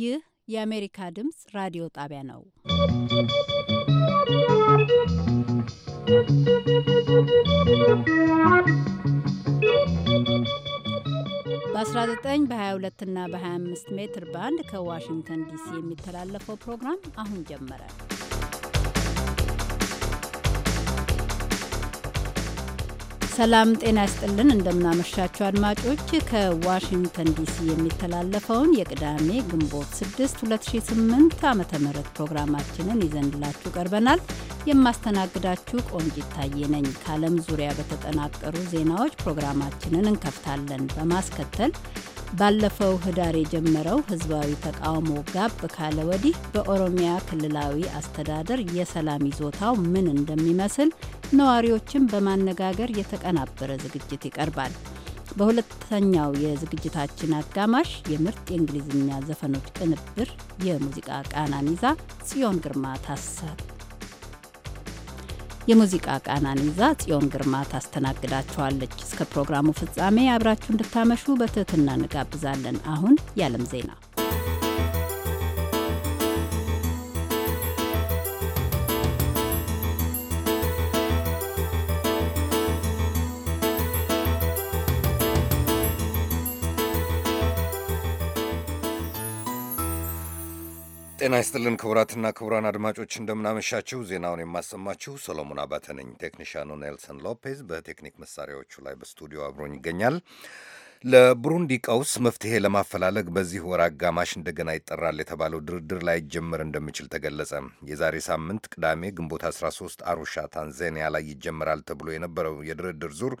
ይህ የአሜሪካ ድምፅ ራዲዮ ጣቢያ ነው። በ19 በ22 እና በ25 ሜትር ባንድ ከዋሽንግተን ዲሲ የሚተላለፈው ፕሮግራም አሁን ጀመረ። ሰላም ጤና ይስጥልን። እንደምናመሻችሁ አድማጮች፣ ከዋሽንግተን ዲሲ የሚተላለፈውን የቅዳሜ ግንቦት 6 2008 ዓ ም ፕሮግራማችንን ይዘንላችሁ ቀርበናል። የማስተናግዳችሁ ቆንጅ ይታየ ነኝ። ከዓለም ዙሪያ በተጠናቀሩ ዜናዎች ፕሮግራማችንን እንከፍታለን። በማስከተል ባለፈው ህዳር የጀመረው ህዝባዊ ተቃውሞ ጋብ ካለ ወዲህ በኦሮሚያ ክልላዊ አስተዳደር የሰላም ይዞታው ምን እንደሚመስል ነዋሪዎችን በማነጋገር የተቀናበረ ዝግጅት ይቀርባል። በሁለተኛው የዝግጅታችን አጋማሽ የምርጥ የእንግሊዝኛ ዘፈኖች ቅንብር የሙዚቃ ቃናን ይዛ ጽዮን ግርማ ታሰር የሙዚቃ ቃናን ይዛ ጽዮን ግርማ ታስተናግዳችኋለች። እስከ ፕሮግራሙ ፍጻሜ አብራችሁ እንድታመሹ በትህትና እንጋብዛለን። አሁን የዓለም ዜና ጤና ይስጥልን ክቡራትና ክቡራን አድማጮች እንደምናመሻችሁ። ዜናውን የማሰማችሁ ሰሎሞን አባተ ነኝ። ቴክኒሻኑ ኔልሰን ሎፔዝ በቴክኒክ መሳሪያዎቹ ላይ በስቱዲዮ አብሮኝ ይገኛል። ለቡሩንዲ ቀውስ መፍትሄ ለማፈላለግ በዚህ ወር አጋማሽ እንደገና ይጠራል የተባለው ድርድር ላይጀመር እንደሚችል ተገለጸ። የዛሬ ሳምንት ቅዳሜ ግንቦት 13 አሩሻ ታንዛኒያ ላይ ይጀመራል ተብሎ የነበረው የድርድር ዙር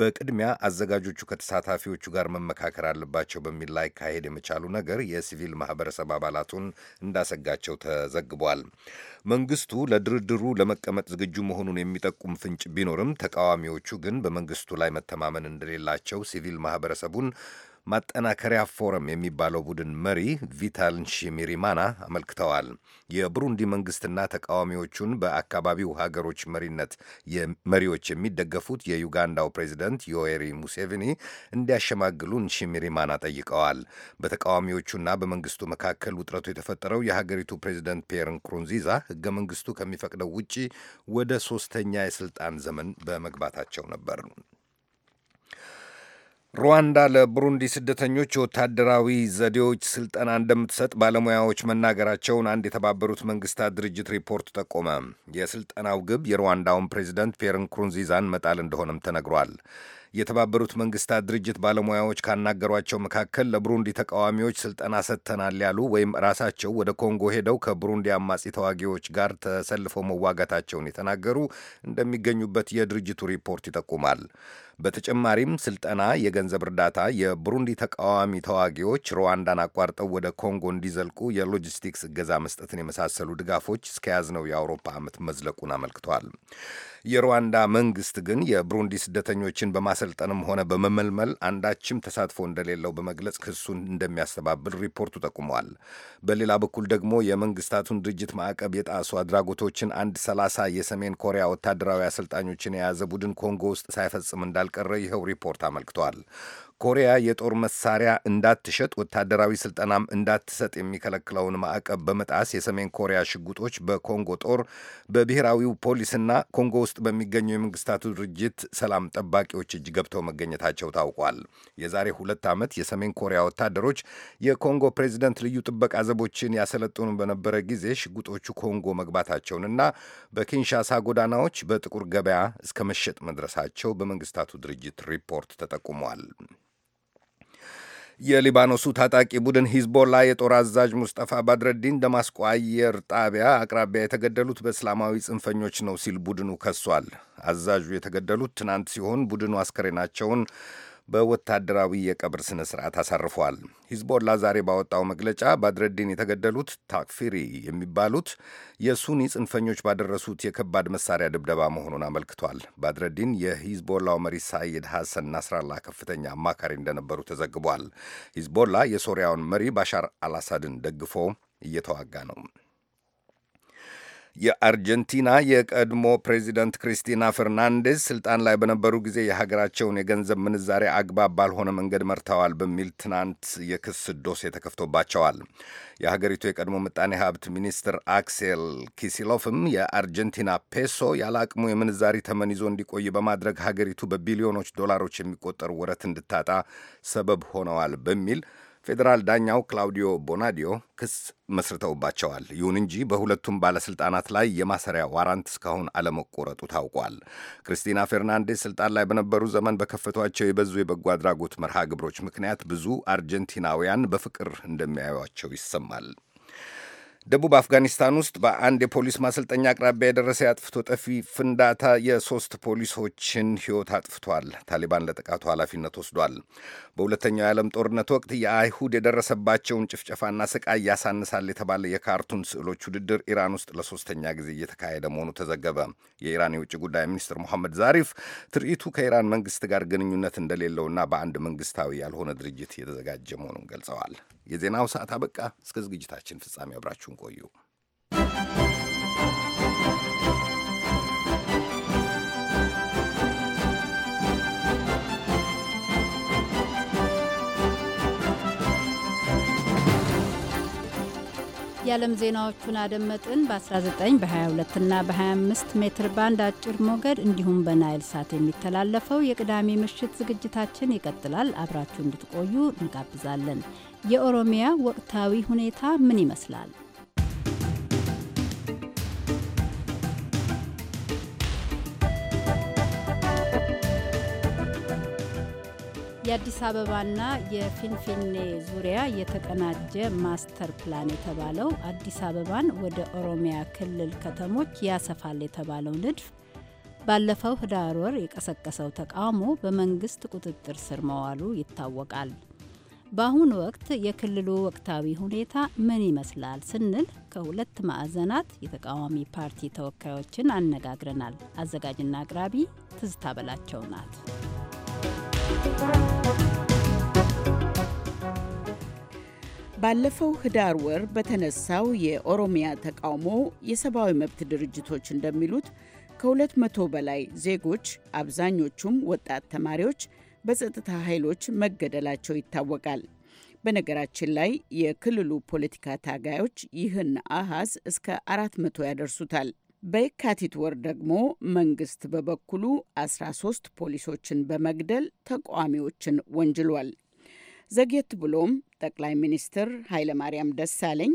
በቅድሚያ አዘጋጆቹ ከተሳታፊዎቹ ጋር መመካከር አለባቸው በሚል ላይ ካሄድ የመቻሉ ነገር የሲቪል ማህበረሰብ አባላቱን እንዳሰጋቸው ተዘግቧል። መንግስቱ ለድርድሩ ለመቀመጥ ዝግጁ መሆኑን የሚጠቁም ፍንጭ ቢኖርም ተቃዋሚዎቹ ግን በመንግስቱ ላይ መተማመን እንደሌላቸው ሲቪል ማህበረሰብ ማህበረሰቡን ማጠናከሪያ ፎረም የሚባለው ቡድን መሪ ቪታል ሺሚሪማና አመልክተዋል። የብሩንዲ መንግስትና ተቃዋሚዎቹን በአካባቢው ሀገሮች መሪነት መሪዎች የሚደገፉት የዩጋንዳው ፕሬዚደንት ዮዌሪ ሙሴቪኒ እንዲያሸማግሉን ሺሚሪማና ጠይቀዋል። በተቃዋሚዎቹና በመንግስቱ መካከል ውጥረቱ የተፈጠረው የሀገሪቱ ፕሬዚደንት ፒየር ንኩሩንዚዛ ህገ መንግስቱ ከሚፈቅደው ውጪ ወደ ሶስተኛ የስልጣን ዘመን በመግባታቸው ነበር። ሩዋንዳ ለቡሩንዲ ስደተኞች የወታደራዊ ዘዴዎች ስልጠና እንደምትሰጥ ባለሙያዎች መናገራቸውን አንድ የተባበሩት መንግስታት ድርጅት ሪፖርት ጠቆመ። የስልጠናው ግብ የሩዋንዳውን ፕሬዚደንት ፒየር ንኩሩንዚዛን መጣል እንደሆነም ተነግሯል። የተባበሩት መንግስታት ድርጅት ባለሙያዎች ካናገሯቸው መካከል ለቡሩንዲ ተቃዋሚዎች ስልጠና ሰጥተናል ያሉ ወይም ራሳቸው ወደ ኮንጎ ሄደው ከቡሩንዲ አማጺ ተዋጊዎች ጋር ተሰልፈው መዋጋታቸውን የተናገሩ እንደሚገኙበት የድርጅቱ ሪፖርት ይጠቁማል። በተጨማሪም ስልጠና፣ የገንዘብ እርዳታ፣ የቡሩንዲ ተቃዋሚ ተዋጊዎች ሩዋንዳን አቋርጠው ወደ ኮንጎ እንዲዘልቁ የሎጂስቲክስ እገዛ መስጠትን የመሳሰሉ ድጋፎች እስከያዝነው የአውሮፓ ዓመት መዝለቁን አመልክቷል። የሩዋንዳ መንግስት ግን የብሩንዲ ስደተኞችን በማሰልጠንም ሆነ በመመልመል አንዳችም ተሳትፎ እንደሌለው በመግለጽ ክሱን እንደሚያስተባብል ሪፖርቱ ጠቁመዋል። በሌላ በኩል ደግሞ የመንግስታቱን ድርጅት ማዕቀብ የጣሱ አድራጎቶችን አንድ ሰላሳ የሰሜን ኮሪያ ወታደራዊ አሰልጣኞችን የያዘ ቡድን ኮንጎ ውስጥ ሳይፈጽም እንዳልቀረ ይኸው ሪፖርት አመልክቷል። ኮሪያ የጦር መሳሪያ እንዳትሸጥ ወታደራዊ ስልጠናም እንዳትሰጥ የሚከለክለውን ማዕቀብ በመጣስ የሰሜን ኮሪያ ሽጉጦች በኮንጎ ጦር በብሔራዊው ፖሊስና ኮንጎ ውስጥ በሚገኙ የመንግስታቱ ድርጅት ሰላም ጠባቂዎች እጅ ገብተው መገኘታቸው ታውቋል። የዛሬ ሁለት ዓመት የሰሜን ኮሪያ ወታደሮች የኮንጎ ፕሬዚደንት ልዩ ጥበቃ ዘቦችን ያሰለጥኑ በነበረ ጊዜ ሽጉጦቹ ኮንጎ መግባታቸውንና በኪንሻሳ ጎዳናዎች በጥቁር ገበያ እስከ መሸጥ መድረሳቸው በመንግስታቱ ድርጅት ሪፖርት ተጠቁሟል። የሊባኖሱ ታጣቂ ቡድን ሂዝቦላ የጦር አዛዥ ሙስጠፋ ባድረዲን ደማስቆ አየር ጣቢያ አቅራቢያ የተገደሉት በእስላማዊ ጽንፈኞች ነው ሲል ቡድኑ ከሷል። አዛዡ የተገደሉት ትናንት ሲሆን ቡድኑ አስከሬናቸውን በወታደራዊ የቀብር ስነ ስርዓት አሳርፏል። ሂዝቦላ ዛሬ ባወጣው መግለጫ ባድረዲን የተገደሉት ታክፊሪ የሚባሉት የሱኒ ጽንፈኞች ባደረሱት የከባድ መሳሪያ ድብደባ መሆኑን አመልክቷል። ባድረዲን የሂዝቦላው መሪ ሳይድ ሐሰን ናስራላ ከፍተኛ አማካሪ እንደነበሩ ተዘግቧል። ሂዝቦላ የሶሪያውን መሪ ባሻር አልአሳድን ደግፎ እየተዋጋ ነው። የአርጀንቲና የቀድሞ ፕሬዚደንት ክሪስቲና ፈርናንዴስ ስልጣን ላይ በነበሩ ጊዜ የሀገራቸውን የገንዘብ ምንዛሬ አግባብ ባልሆነ መንገድ መርተዋል በሚል ትናንት የክስ ዶሴ ተከፍቶባቸዋል። የሀገሪቱ የቀድሞ ምጣኔ ሀብት ሚኒስትር አክሴል ኪሲሎፍም የአርጀንቲና ፔሶ ያለ አቅሙ የምንዛሪ ተመን ይዞ እንዲቆይ በማድረግ ሀገሪቱ በቢሊዮኖች ዶላሮች የሚቆጠሩ ወረት እንድታጣ ሰበብ ሆነዋል በሚል ፌዴራል ዳኛው ክላውዲዮ ቦናዲዮ ክስ መስርተውባቸዋል። ይሁን እንጂ በሁለቱም ባለሥልጣናት ላይ የማሰሪያ ዋራንት እስካሁን አለመቆረጡ ታውቋል። ክሪስቲና ፌርናንዴስ ስልጣን ላይ በነበሩ ዘመን በከፈቷቸው የበዙ የበጎ አድራጎት መርሃ ግብሮች ምክንያት ብዙ አርጀንቲናውያን በፍቅር እንደሚያዩቸው ይሰማል። ደቡብ አፍጋኒስታን ውስጥ በአንድ የፖሊስ ማሰልጠኛ አቅራቢያ የደረሰ የአጥፍቶ ጠፊ ፍንዳታ የሶስት ፖሊሶችን ሕይወት አጥፍቷል። ታሊባን ለጥቃቱ ኃላፊነት ወስዷል። በሁለተኛው የዓለም ጦርነት ወቅት የአይሁድ የደረሰባቸውን ጭፍጨፋና ስቃይ ያሳንሳል የተባለ የካርቱን ስዕሎች ውድድር ኢራን ውስጥ ለሶስተኛ ጊዜ እየተካሄደ መሆኑ ተዘገበ። የኢራን የውጭ ጉዳይ ሚኒስትር ሞሐመድ ዛሪፍ ትርኢቱ ከኢራን መንግስት ጋር ግንኙነት እንደሌለውና በአንድ መንግስታዊ ያልሆነ ድርጅት የተዘጋጀ መሆኑን ገልጸዋል። የዜናው ሰዓት አበቃ። እስከ ዝግጅታችን ፍጻሜ አብራችሁን ቆዩ። የዓለም ዜናዎቹን አደመጥን። በ19 በ22 እና በ25 ሜትር ባንድ አጭር ሞገድ እንዲሁም በናይል ሳት የሚተላለፈው የቅዳሜ ምሽት ዝግጅታችን ይቀጥላል። አብራችሁ እንድትቆዩ እንጋብዛለን። የኦሮሚያ ወቅታዊ ሁኔታ ምን ይመስላል? የአዲስ አበባና የፊንፊኔ ዙሪያ የተቀናጀ ማስተር ፕላን የተባለው አዲስ አበባን ወደ ኦሮሚያ ክልል ከተሞች ያሰፋል የተባለው ንድፍ ባለፈው ህዳር ወር የቀሰቀሰው ተቃውሞ በመንግስት ቁጥጥር ስር መዋሉ ይታወቃል። በአሁኑ ወቅት የክልሉ ወቅታዊ ሁኔታ ምን ይመስላል ስንል ከሁለት ማዕዘናት የተቃዋሚ ፓርቲ ተወካዮችን አነጋግረናል። አዘጋጅና አቅራቢ ትዝታ በላቸው ናት። ባለፈው ህዳር ወር በተነሳው የኦሮሚያ ተቃውሞ የሰብአዊ መብት ድርጅቶች እንደሚሉት ከሁለት መቶ በላይ ዜጎች አብዛኞቹም ወጣት ተማሪዎች በጸጥታ ኃይሎች መገደላቸው ይታወቃል። በነገራችን ላይ የክልሉ ፖለቲካ ታጋዮች ይህን አሃዝ እስከ አራት መቶ ያደርሱታል። በየካቲት ወር ደግሞ መንግስት በበኩሉ 13 ፖሊሶችን በመግደል ተቃዋሚዎችን ወንጅሏል። ዘግየት ብሎም ጠቅላይ ሚኒስትር ኃይለማርያም ደሳለኝ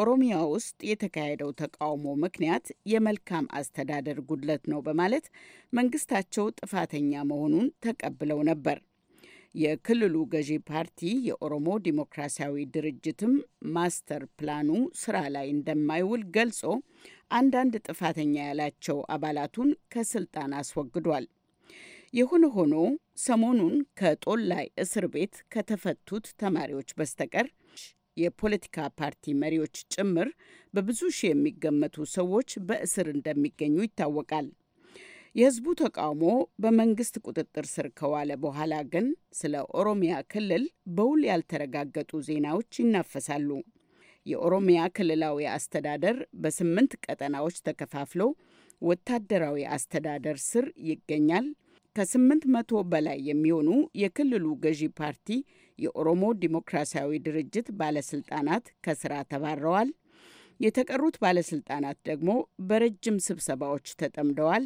ኦሮሚያ ውስጥ የተካሄደው ተቃውሞ ምክንያት የመልካም አስተዳደር ጉድለት ነው በማለት መንግስታቸው ጥፋተኛ መሆኑን ተቀብለው ነበር። የክልሉ ገዢ ፓርቲ የኦሮሞ ዲሞክራሲያዊ ድርጅትም ማስተር ፕላኑ ስራ ላይ እንደማይውል ገልጾ አንዳንድ ጥፋተኛ ያላቸው አባላቱን ከስልጣን አስወግዷል። የሆነ ሆኖ ሰሞኑን ከጦላይ እስር ቤት ከተፈቱት ተማሪዎች በስተቀር የፖለቲካ ፓርቲ መሪዎች ጭምር በብዙ ሺህ የሚገመቱ ሰዎች በእስር እንደሚገኙ ይታወቃል። የህዝቡ ተቃውሞ በመንግስት ቁጥጥር ስር ከዋለ በኋላ ግን ስለ ኦሮሚያ ክልል በውል ያልተረጋገጡ ዜናዎች ይናፈሳሉ። የኦሮሚያ ክልላዊ አስተዳደር በስምንት ቀጠናዎች ተከፋፍሎ ወታደራዊ አስተዳደር ስር ይገኛል። ከስምንት መቶ በላይ የሚሆኑ የክልሉ ገዢ ፓርቲ የኦሮሞ ዲሞክራሲያዊ ድርጅት ባለስልጣናት ከስራ ተባረዋል። የተቀሩት ባለስልጣናት ደግሞ በረጅም ስብሰባዎች ተጠምደዋል።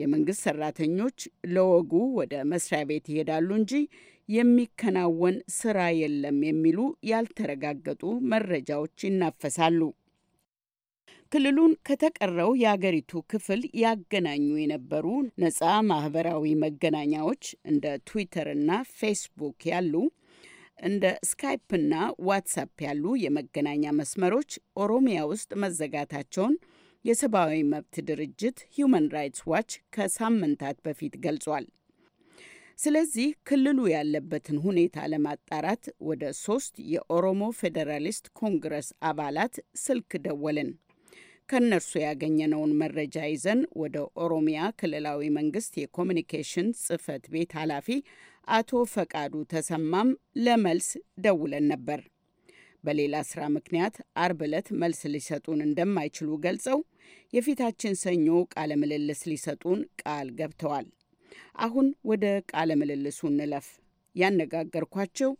የመንግስት ሰራተኞች ለወጉ ወደ መስሪያ ቤት ይሄዳሉ እንጂ የሚከናወን ስራ የለም የሚሉ ያልተረጋገጡ መረጃዎች ይናፈሳሉ። ክልሉን ከተቀረው የአገሪቱ ክፍል ያገናኙ የነበሩ ነጻ ማህበራዊ መገናኛዎች እንደ ትዊተርና ፌስቡክ ያሉ እንደ ስካይፕና ዋትሳፕ ያሉ የመገናኛ መስመሮች ኦሮሚያ ውስጥ መዘጋታቸውን የሰብአዊ መብት ድርጅት ሂዩማን ራይትስ ዋች ከሳምንታት በፊት ገልጿል። ስለዚህ ክልሉ ያለበትን ሁኔታ ለማጣራት ወደ ሶስት የኦሮሞ ፌዴራሊስት ኮንግረስ አባላት ስልክ ደወልን። ከእነርሱ ያገኘነውን መረጃ ይዘን ወደ ኦሮሚያ ክልላዊ መንግስት የኮሚኒኬሽን ጽህፈት ቤት ኃላፊ አቶ ፈቃዱ ተሰማም ለመልስ ደውለን ነበር። በሌላ ስራ ምክንያት አርብ ዕለት መልስ ሊሰጡን እንደማይችሉ ገልጸው የፊታችን ሰኞ ቃለ ምልልስ ሊሰጡን ቃል ገብተዋል። አሁን ወደ ቃለ ምልልሱ እንለፍ። ያነጋገርኳቸው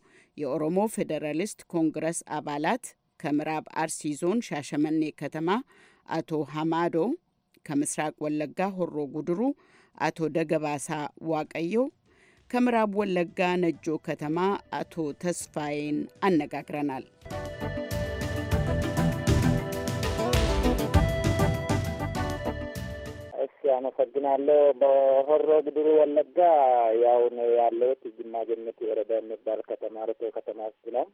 የኦሮሞ ፌዴራሊስት ኮንግረስ አባላት ከምዕራብ አርሲ ዞን ሻሸመኔ ከተማ አቶ ሀማዶ፣ ከምስራቅ ወለጋ ሆሮ ጉድሩ አቶ ደገባሳ ዋቀዮ፣ ከምዕራብ ወለጋ ነጆ ከተማ አቶ ተስፋዬን አነጋግረናል። አመሰግናለሁ። በሆሮ ግድሩ ወለጋ ያው ነው ያለሁት ጅማ ገነት ወረዳ የሚባል ከተማ ርቶ ከተማ ውስጥ ነው።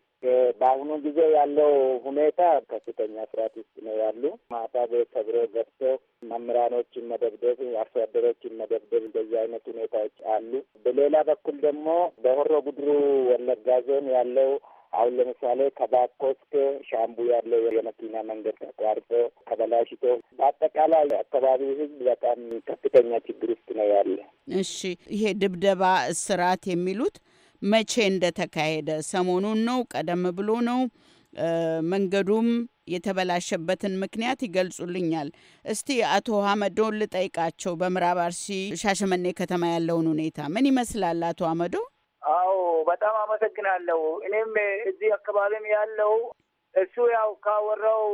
በአሁኑ ጊዜ ያለው ሁኔታ ከፍተኛ ስርዓት ውስጥ ነው ያሉ ማታ ቤት ተብሮ ገብቶ መምህራኖችን መደብደብ፣ አርሶ አደሮችን መደብደብ እንደዚህ አይነት ሁኔታዎች አሉ። በሌላ በኩል ደግሞ በሆሮ ጉድሩ ወለጋ ዞን ያለው አሁን ለምሳሌ ከባኮስክ ሻምቡ ያለው የመኪና መንገድ ተቋርጦ ተበላሽቶ በአጠቃላይ አካባቢው ህዝብ በጣም ከፍተኛ ችግር ውስጥ ነው ያለ። እሺ፣ ይሄ ድብደባ፣ እስራት የሚሉት መቼ እንደተካሄደ ሰሞኑን ነው? ቀደም ብሎ ነው? መንገዱም የተበላሸበትን ምክንያት ይገልጹልኛል። እስቲ አቶ ሀመዶን ልጠይቃቸው። በምዕራብ አርሲ ሻሸመኔ ከተማ ያለውን ሁኔታ ምን ይመስላል? አቶ ሀመዶ በጣም አመሰግናለሁ። እኔም እዚህ አካባቢም ያለው እሱ ያው ካወራው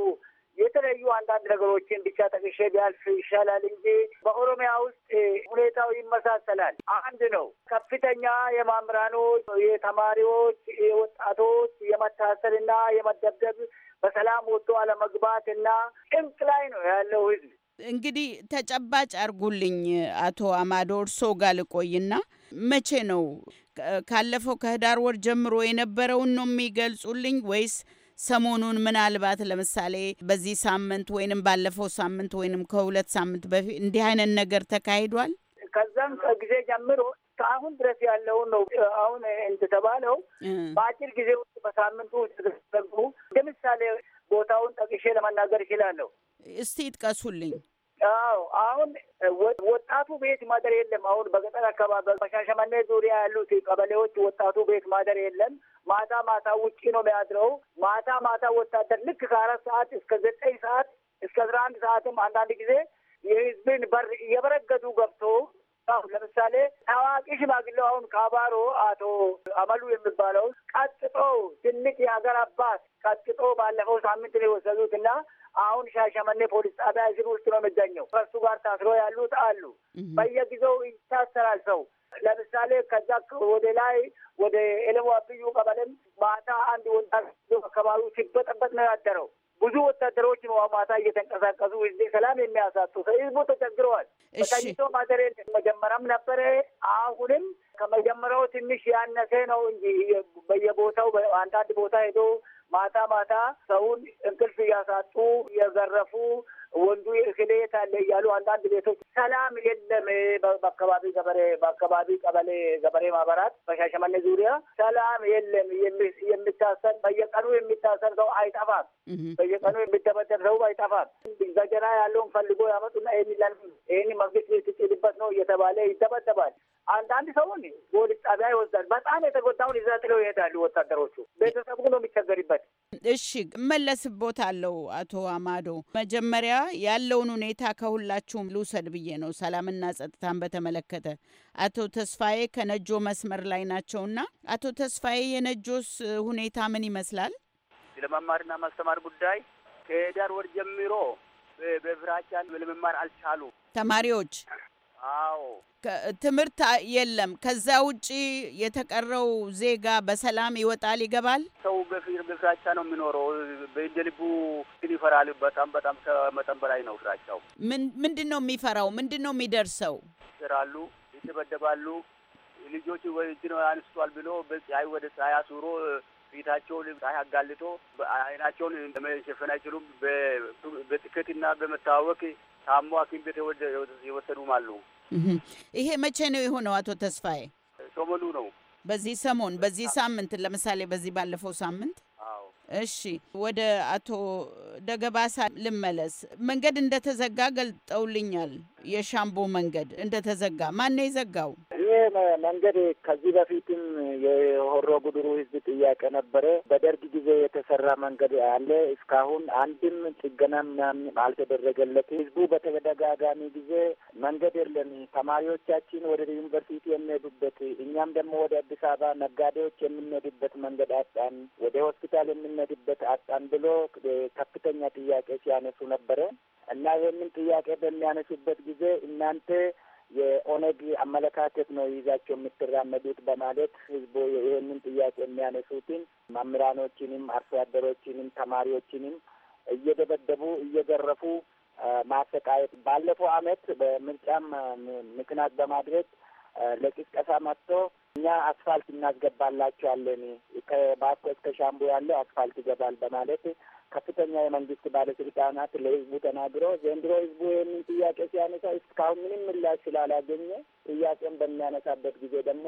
የተለያዩ አንዳንድ ነገሮችን ብቻ ጠቅሼ ቢያልፍ ይሻላል እንጂ በኦሮሚያ ውስጥ ሁኔታው ይመሳሰላል። አንድ ነው። ከፍተኛ የማምራኖች የተማሪዎች፣ የወጣቶች የመታሰርና የመደብደብ በሰላም ወጥቶ አለመግባት እና ጭንቅ ላይ ነው ያለው ህዝብ። እንግዲህ ተጨባጭ አርጉልኝ አቶ አማዶ እርሶ ጋር ልቆይና መቼ ነው ካለፈው ከህዳር ወር ጀምሮ የነበረውን ነው የሚገልጹልኝ ወይስ ሰሞኑን ምናልባት ለምሳሌ በዚህ ሳምንት ወይንም ባለፈው ሳምንት ወይንም ከሁለት ሳምንት በፊት እንዲህ አይነት ነገር ተካሂዷል? ከዛም ጊዜ ጀምሮ ከአሁን ድረስ ያለውን ነው። አሁን እንደተባለው በአጭር ጊዜ ውስጥ በሳምንቱ ውስጥ ለምሳሌ ቦታውን ጠቅሼ ለመናገር ይችላለሁ። እስቲ ይጥቀሱልኝ። አዎ አሁን ወጣቱ ቤት ማደር የለም። አሁን በገጠር አካባቢ በሻሸመኔ ዙሪያ ያሉት ቀበሌዎች ወጣቱ ቤት ማደር የለም። ማታ ማታ ውጭ ነው የሚያድረው። ማታ ማታ ወታደር ልክ ከአራት ሰዓት እስከ ዘጠኝ ሰዓት እስከ አስራ አንድ ሰዓትም አንዳንድ ጊዜ የህዝብን በር እየበረገዱ ገብቶ አሁን ለምሳሌ ታዋቂ ሽማግሌው አሁን ካባሮ አቶ አመሉ የሚባለው ቀጥጦ ትልቅ የሀገር አባት ቀጥጦ ባለፈው ሳምንት ነው የወሰዱት እና አሁን ሻሸመኔ ፖሊስ ጣቢያ እስር ውስጥ ነው የሚገኘው። ከእሱ ጋር ታስሮ ያሉት አሉ። በየጊዜው ይታሰራል ሰው ለምሳሌ ከዛ ወደ ላይ ወደ ኤለሞ አብዩ ቀበሌም ማታ አንድ ወንጣት አካባቢ ሲበጠበጥ ነው ያደረው። ብዙ ወታደሮች ነው ማታ እየተንቀሳቀሱ እዚህ ሰላም የሚያሳጡ ህዝቡ ተቸግረዋል። ተቀኝቶ ማደሬ መጀመሪያም ነበረ አሁንም ከመጀመሪያው ትንሽ ያነሰ ነው እንጂ በየቦታው አንዳንድ ቦታ ሄዶ ማታ ማታ ሰውን እንቅልፍ እያሳጡ እየዘረፉ ወንዱ እክሌ የት አለ እያሉ አንዳንድ ቤቶች ሰላም የለም። በአካባቢ ገበሬ በአካባቢ ቀበሌ ገበሬ ማህበራት በሻሸመኔ ዙሪያ ሰላም የለም። የሚታሰር በየቀኑ የሚታሰር ሰው አይጠፋም። በየቀኑ የሚደበደብ ሰው አይጠፋም። ዘገና ያለውን ፈልጎ ያመጡና ይህን ይላል። ይህን መንግስት ትጭልበት ነው እየተባለ ይደበደባል። አንዳንድ ሰውን ፖሊስ ጣቢያ ይወስዳል። በጣም የተጎዳውን ይዛ ጥለው ይሄዳሉ ወታደሮቹ። ቤተሰቡ ነው የሚቸገርበት። እሺ መለስ ቦታ አለው አቶ አማዶ መጀመሪያ ያለውን ሁኔታ ከሁላችሁም ልውሰድ ብዬ ነው። ሰላምና ጸጥታን በተመለከተ አቶ ተስፋዬ ከነጆ መስመር ላይ ናቸውና፣ አቶ ተስፋዬ የነጆስ ሁኔታ ምን ይመስላል? ለመማርና ማስተማር ጉዳይ ከህዳር ወር ጀምሮ በፍራቻ ለመማር አልቻሉ ተማሪዎች አዎ ትምህርት የለም። ከዛ ውጭ የተቀረው ዜጋ በሰላም ይወጣል ይገባል። ሰው በፍራቻ ነው የሚኖረው። እንደልቡ ግን ይፈራል። በጣም በጣም ከመጠን በላይ ነው ፍራቻው። ምንድን ነው የሚፈራው? ምንድን ነው የሚደርሰው? ይሰራሉ፣ ይደበደባሉ። ልጆች ወይጅን አንስቷል ብሎ በፀሐይ ወደ ፀሐይ አሱሮ ፊታቸውን ፀሐይ አጋልጦ አይናቸውን መሸፈን አይችሉም። በትክትና በመታወቅ ታሞ ሐኪም ቤት የወሰዱም አሉ። ይሄ መቼ ነው የሆነው አቶ ተስፋዬ? ሰሞኑ ነው። በዚህ ሰሞን በዚህ ሳምንት ለምሳሌ በዚህ ባለፈው ሳምንት። እሺ ወደ አቶ ደገባሳ ልመለስ። መንገድ እንደተዘጋ ገልጠውልኛል። የሻምቦ መንገድ እንደተዘጋ ማን ነው የዘጋው? መንገድ ከዚህ በፊትም የሆሮ ጉድሩ ህዝብ ጥያቄ ነበረ። በደርግ ጊዜ የተሰራ መንገድ አለ። እስካሁን አንድም ጥገና ምናምን አልተደረገለት። ህዝቡ በተደጋጋሚ ጊዜ መንገድ የለም፣ ተማሪዎቻችን ወደ ዩኒቨርሲቲ የሚሄዱበት እኛም ደግሞ ወደ አዲስ አበባ ነጋዴዎች የምንሄድበት መንገድ አጣን፣ ወደ ሆስፒታል የምንሄድበት አጣን ብሎ ከፍተኛ ጥያቄ ሲያነሱ ነበረ እና ይህንን ጥያቄ በሚያነሱበት ጊዜ እናንተ የኦነግ አመለካከት ነው ይዛቸው የምትራመዱት በማለት ህዝቡ ይህንን ጥያቄ የሚያነሱትን መምህራኖችንም፣ አርሶ አደሮችንም፣ ተማሪዎችንም እየደበደቡ እየገረፉ ማሰቃየት ባለፈው አመት በምርጫም ምክንያት በማድረግ ለቅስቀሳ መጥቶ እኛ አስፋልት እናስገባላቸዋለን ከባኮ እስከ ያለው አስፋልት ይገባል በማለት ከፍተኛ የመንግስት ባለስልጣናት ለህዝቡ ተናግሮ ዘንድሮ ህዝቡ ይህንን ጥያቄ ሲያነሳ እስካሁን ምንም ምላሽ ስላላገኘ ጥያቄን በሚያነሳበት ጊዜ ደግሞ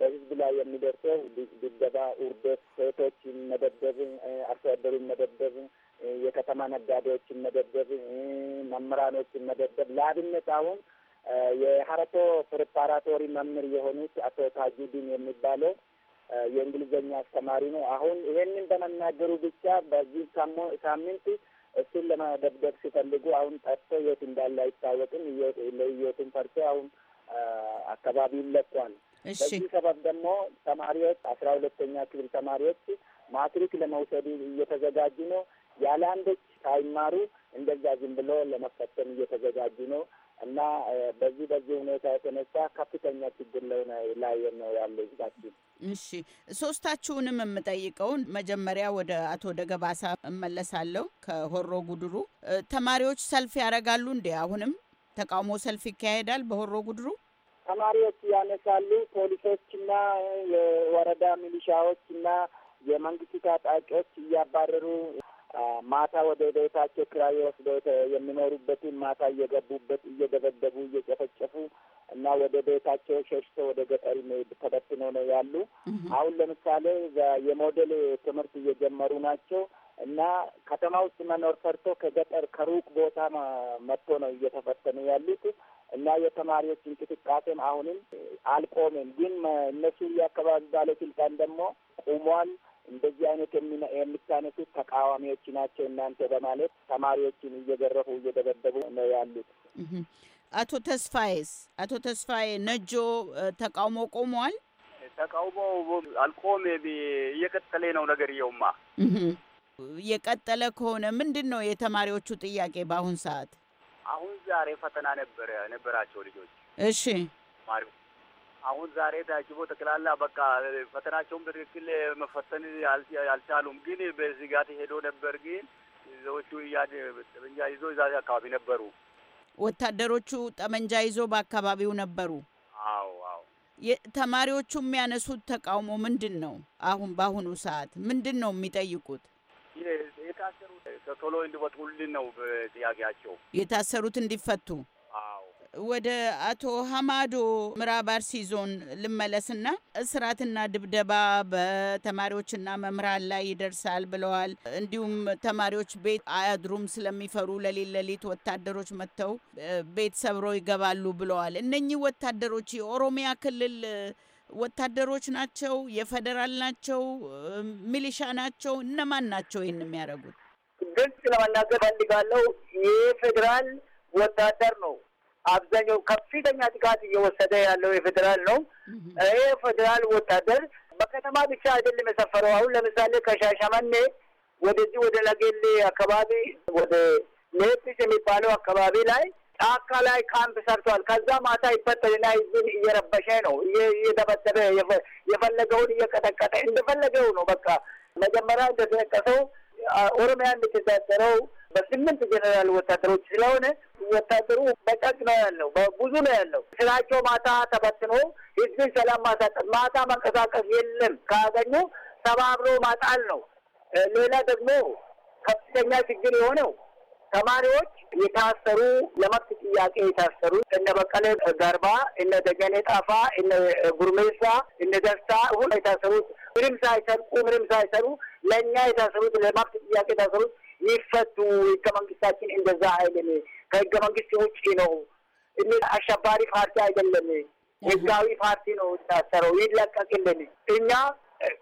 በህዝብ ላይ የሚደርሰው ድብደባ፣ ውርደት፣ ሴቶችን መደብደብ፣ አርሶ አደሩን መደብደብ፣ የከተማ ነጋዴዎችን መደብደብ፣ መምህራኖችን መደብደብ ለአብነት አሁን የሀረቶ ፕሪፓራቶሪ መምህር የሆኑት አቶ ታጁዲን የሚባለው የእንግሊዝኛ አስተማሪ ነው። አሁን ይሄንን በመናገሩ ብቻ በዚህ ሳምንት እሱን ለመደብደብ ሲፈልጉ አሁን ጠርቶ የት እንዳለ አይታወቅም። ለየቱን ፈርቶ አሁን አካባቢውን ለቋል። በዚህ ሰበብ ደግሞ ተማሪዎች አስራ ሁለተኛ ክፍል ተማሪዎች ማትሪክ ለመውሰዱ እየተዘጋጁ ነው። ያለ አንዶች ሳይማሩ እንደዛ ዝም ብሎ ለመፈተን እየተዘጋጁ ነው። እና በዚህ በዚህ ሁኔታ የተነሳ ከፍተኛ ችግር ላይ ነው ያለ ህዝባችን። እሺ ሶስታችሁንም የምጠይቀውን መጀመሪያ ወደ አቶ ደገባሳ እመለሳለሁ። ከሆሮ ጉድሩ ተማሪዎች ሰልፍ ያደርጋሉ እንዴ? አሁንም ተቃውሞ ሰልፍ ይካሄዳል በሆሮ ጉድሩ? ተማሪዎች ያነሳሉ። ፖሊሶችና የወረዳ ሚሊሻዎች እና የመንግስት ታጣቂዎች እያባረሩ ማታ ወደ ቤታቸው ክራይ ወስደው የሚኖሩበትን ማታ እየገቡበት እየደበደቡ እየጨፈጨፉ እና ወደ ቤታቸው ሸሽቶ ወደ ገጠር ተበትኖ ነው ያሉ። አሁን ለምሳሌ የሞዴል ትምህርት እየጀመሩ ናቸው እና ከተማ ውስጥ መኖር ፈርቶ ከገጠር ከሩቅ ቦታ መጥቶ ነው እየተፈተኑ ያሉት እና የተማሪዎች እንቅስቃሴም አሁንም አልቆምም። ግን እነሱ የአካባቢ ባለስልጣን ደግሞ ቁሟል እንደዚህ አይነት የምታነሱት ተቃዋሚዎች ናቸው እናንተ በማለት ተማሪዎችን እየገረፉ እየደበደቡ ነው ያሉት። አቶ ተስፋዬስ አቶ ተስፋዬ ነጆ ተቃውሞ ቆሟል። ተቃውሞ አልቆም እየቀጠለ ነው። ነገርየውማ እየቀጠለ ከሆነ ምንድን ነው የተማሪዎቹ ጥያቄ? በአሁን ሰዓት አሁን ዛሬ ፈተና ነበረ ነበራቸው ልጆች። እሺ ተማሪዎች አሁን ዛሬ ታጅቦ ተክላላ በቃ ፈተናቸውም በትክክል መፈተን አልቻሉም ግን ጋር ሄዶ ነበር። ግን ዎቹ ጠመንጃ ይዞ እዛ አካባቢ ነበሩ። ወታደሮቹ ጠመንጃ ይዞ በአካባቢው ነበሩ። አዎ አዎ። ተማሪዎቹ የሚያነሱት ተቃውሞ ምንድን ነው? አሁን በአሁኑ ሰዓት ምንድን ነው የሚጠይቁት? የታሰሩት ቶሎ እንዲወጡልን ነው ጥያቄያቸው። የታሰሩት እንዲፈቱ ወደ አቶ ሀማዶ ምዕራብ አርሲ ዞን ልመለስና እስራትና ድብደባ በተማሪዎችና መምህራን ላይ ይደርሳል ብለዋል። እንዲሁም ተማሪዎች ቤት አያድሩም ስለሚፈሩ ለሌት ለሌት ወታደሮች መጥተው ቤት ሰብረው ይገባሉ ብለዋል። እነኚህ ወታደሮች የኦሮሚያ ክልል ወታደሮች ናቸው? የፌዴራል ናቸው? ሚሊሻ ናቸው? እነማን ናቸው ይህን የሚያደርጉት? ግልጽ ለመናገር ፈልጋለሁ። የፌዴራል ወታደር ነው አብዛኛው ከፍተኛ ጥቃት እየወሰደ ያለው የፌዴራል ነው። ይህ ፌዴራል ወታደር በከተማ ብቻ አይደለም የሰፈረው። አሁን ለምሳሌ ከሻሸመኔ ወደዚህ ወደ ለጌሌ አካባቢ ወደ ሜፒስ የሚባለው አካባቢ ላይ ጫካ ላይ ካምፕ ሰርቷል። ከዛ ማታ ይፈተልና ህዝብን እየረበሸ ነው፣ እየደበደበ የፈለገውን እየቀጠቀጠ እንደፈለገው ነው። በቃ መጀመሪያ እንደተጠቀሰው ኦሮሚያ የምትታሰረው በስምንት ጀኔራል ወታደሮች ስለሆነ ወታደሩ በቀቅ ነው ያለው፣ በብዙ ነው ያለው። ስራቸው ማታ ተበትኖ ህዝብን ሰላም ማሳጠት፣ ማታ መንቀሳቀስ የለም። ካገኙ ተባብሮ ማጣል ነው። ሌላ ደግሞ ከፍተኛ ችግር የሆነው ተማሪዎች የታሰሩ ለመብት ጥያቄ የታሰሩ እነ በቀለ ገርባ፣ እነ ደገኔ ጣፋ፣ እነ ጉርሜሳ፣ እነ ደስታ ሁ የታሰሩት ምንም ሳይሰሩ ምንም ሳይሰሩ ለእኛ የታሰሩት ለመብት ጥያቄ የታሰሩት ይፈቱ። ህገ መንግስታችን እንደዛ አይልም። ከህገ መንግስት ውጭ ነው። እኔ አሸባሪ ፓርቲ አይደለም፣ ህጋዊ ፓርቲ ነው የታሰረው። ይለቀቅልን። እኛ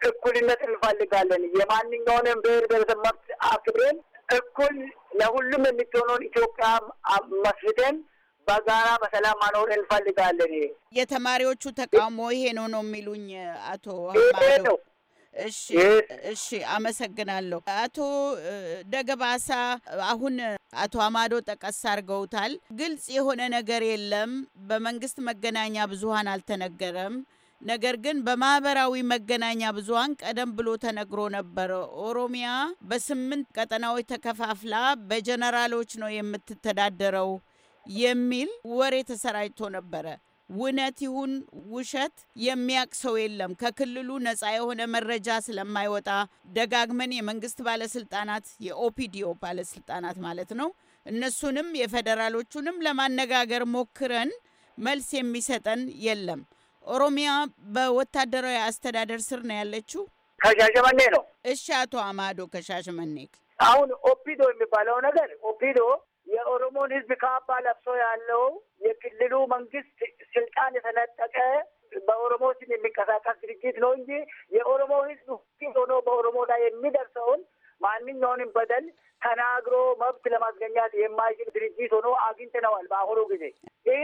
እኩልነት እንፈልጋለን። የማንኛውንም ብሔር ብሔረሰብ መብት አክብረን እኩል ለሁሉም የምትሆነውን ኢትዮጵያ መስርተን በጋራ በሰላም ማኖር እንፈልጋለን። የተማሪዎቹ ተቃውሞ ይሄ ነው ነው የሚሉኝ አቶ ነው። እሺ እሺ፣ አመሰግናለሁ አቶ ደገባሳ። አሁን አቶ አማዶ ጠቀስ አድርገውታል። ግልጽ የሆነ ነገር የለም። በመንግስት መገናኛ ብዙሀን አልተነገረም። ነገር ግን በማህበራዊ መገናኛ ብዙሀን ቀደም ብሎ ተነግሮ ነበረ ኦሮሚያ በስምንት ቀጠናዎች ተከፋፍላ በጀነራሎች ነው የምትተዳደረው የሚል ወሬ ተሰራጭቶ ነበረ። ውነት ይሁን ውሸት የሚያቅ ሰው የለም። ከክልሉ ነፃ የሆነ መረጃ ስለማይወጣ ደጋግመን የመንግስት ባለስልጣናት የኦፒዲዮ ባለስልጣናት ማለት ነው እነሱንም የፌዴራሎቹንም ለማነጋገር ሞክረን መልስ የሚሰጠን የለም። ኦሮሚያ በወታደራዊ አስተዳደር ስር ነው ያለችው። ከሻሸመኔ ነው። እሺ፣ አቶ አማዶ ከሻሸመኔ አሁን ኦፒዶ የሚባለው ነገር ኦፒዶ የኦሮሞን ህዝብ ካባ ለብሶ ያለው የክልሉ መንግስት ስልጣን የተነጠቀ በኦሮሞ ስም የሚንቀሳቀስ ድርጅት ነው እንጂ የኦሮሞ ህዝብ ሆኖ በኦሮሞ ላይ የሚደርሰውን ማንኛውንም በደል ተናግሮ መብት ለማስገኛት የማይችል ድርጅት ሆኖ አግኝተነዋል። በአሁኑ ጊዜ ይሄ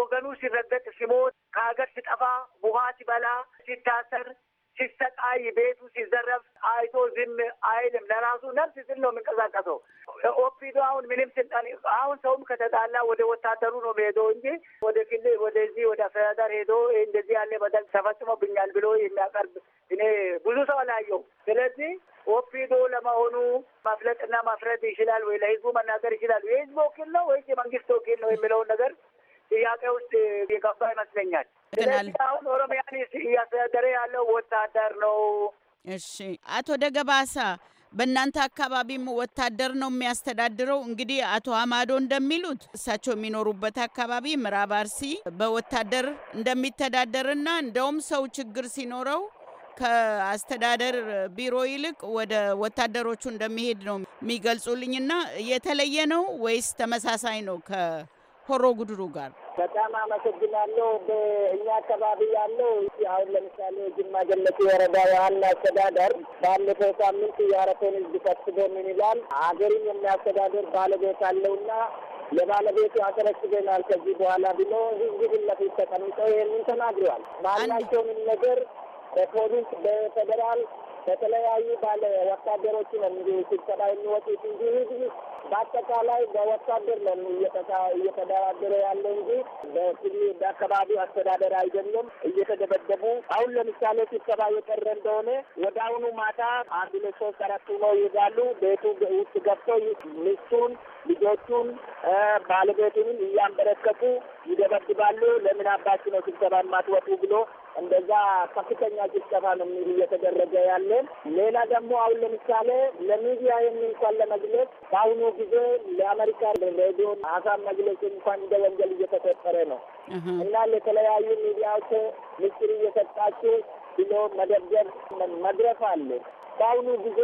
ወገኑ ሲረገጥ፣ ሲሞት፣ ከሀገር ሲጠፋ፣ ውሃ ሲበላ፣ ሲታሰር ሲሰቃይ፣ ቤቱ ሲዘረፍ አይቶ ዝም አይልም። ለራሱ ነፍስ ስል ነው የምንቀሳቀሰው። ኦፒዶ አሁን ምንም ስልጣን አሁን ሰውም ከተጣላ ወደ ወታደሩ ነው ሄዶ እንጂ ወደ ክልል ወደዚህ ወደ አስተዳደር ሄዶ እንደዚህ ያለ በደል ተፈጽሞብኛል ብሎ የሚያቀርብ እኔ ብዙ ሰው አላየው። ስለዚህ ኦፒዶ ለመሆኑ ማፍለጥና ማፍረድ ይችላል ወይ? ለህዝቡ መናገር ይችላል? የህዝቡ ወኪል ነው ወይስ የመንግስት ወኪል ነው የሚለውን ነገር ጥያቄ ውስጥ የገባ ይመስለኛል። ስለዚህ አሁን ኦሮሚያን እያስተዳደረ ያለው ወታደር ነው። እሺ፣ አቶ ደገባሳ በእናንተ አካባቢም ወታደር ነው የሚያስተዳድረው። እንግዲህ አቶ አማዶ እንደሚሉት እሳቸው የሚኖሩበት አካባቢ ምዕራብ አርሲ በወታደር እንደሚተዳደርና እንደውም ሰው ችግር ሲኖረው ከአስተዳደር ቢሮ ይልቅ ወደ ወታደሮቹ እንደሚሄድ ነው የሚገልጹልኝና የተለየ ነው ወይስ ተመሳሳይ ነው? ሆሮ ጉድሩ ጋር በጣም አመሰግናለሁ። በእኛ አካባቢ ያለው አሁን ለምሳሌ ጅማ ጀለቲ ወረዳ ዋና አስተዳደር ባለፈው ሳምንት የአረቶን ህዝብ ሰብስቦ ምን ይላል ሀገርን የሚያስተዳደር ባለቤት አለውና የባለቤቱ አስረክበናል ከዚህ በኋላ ብሎ ህዝብ ፊት ለፊት ተቀምጠው ይህንን ተናግረዋል። ማናቸውንም ነገር በፖሊስ በፌዴራል በተለያዩ ባለ ወታደሮችን ስብሰባ የሚወጡት እንጂ ህዝብ በአጠቃላይ በወታደር ነው እየተደራደረ ያለ እንጂ በሲቪል በአካባቢው አስተዳደር አይደለም እየተደበደቡ። አሁን ለምሳሌ ስብሰባ የቀረ እንደሆነ ወደ አሁኑ ማታ አንድ ለሶስት አራት ነው ይይዛሉ። ቤቱ ውስጥ ገብተው ሚስቱን፣ ልጆቹን፣ ባለቤቱንም እያንበረከቱ ይደበድባሉ። ለምን አባች ነው ስብሰባ ማትወጡ ብሎ እንደዛ ከፍተኛ ጭፍጨፋ ነው እየተደረገ ያለ። ሌላ ደግሞ አሁን ለምሳሌ ለሚዲያ እንኳን ለመግለጽ በአሁኑ ጊዜ ለአሜሪካ ሬዲዮን ሀሳብ መግለጽ እንኳን እንደ ወንጀል እየተቆጠረ ነው እና ለተለያዩ ሚዲያዎች ምስጢር እየሰጣችሁ ብሎ መደብደብ፣ መድረፍ አለ። በአሁኑ ጊዜ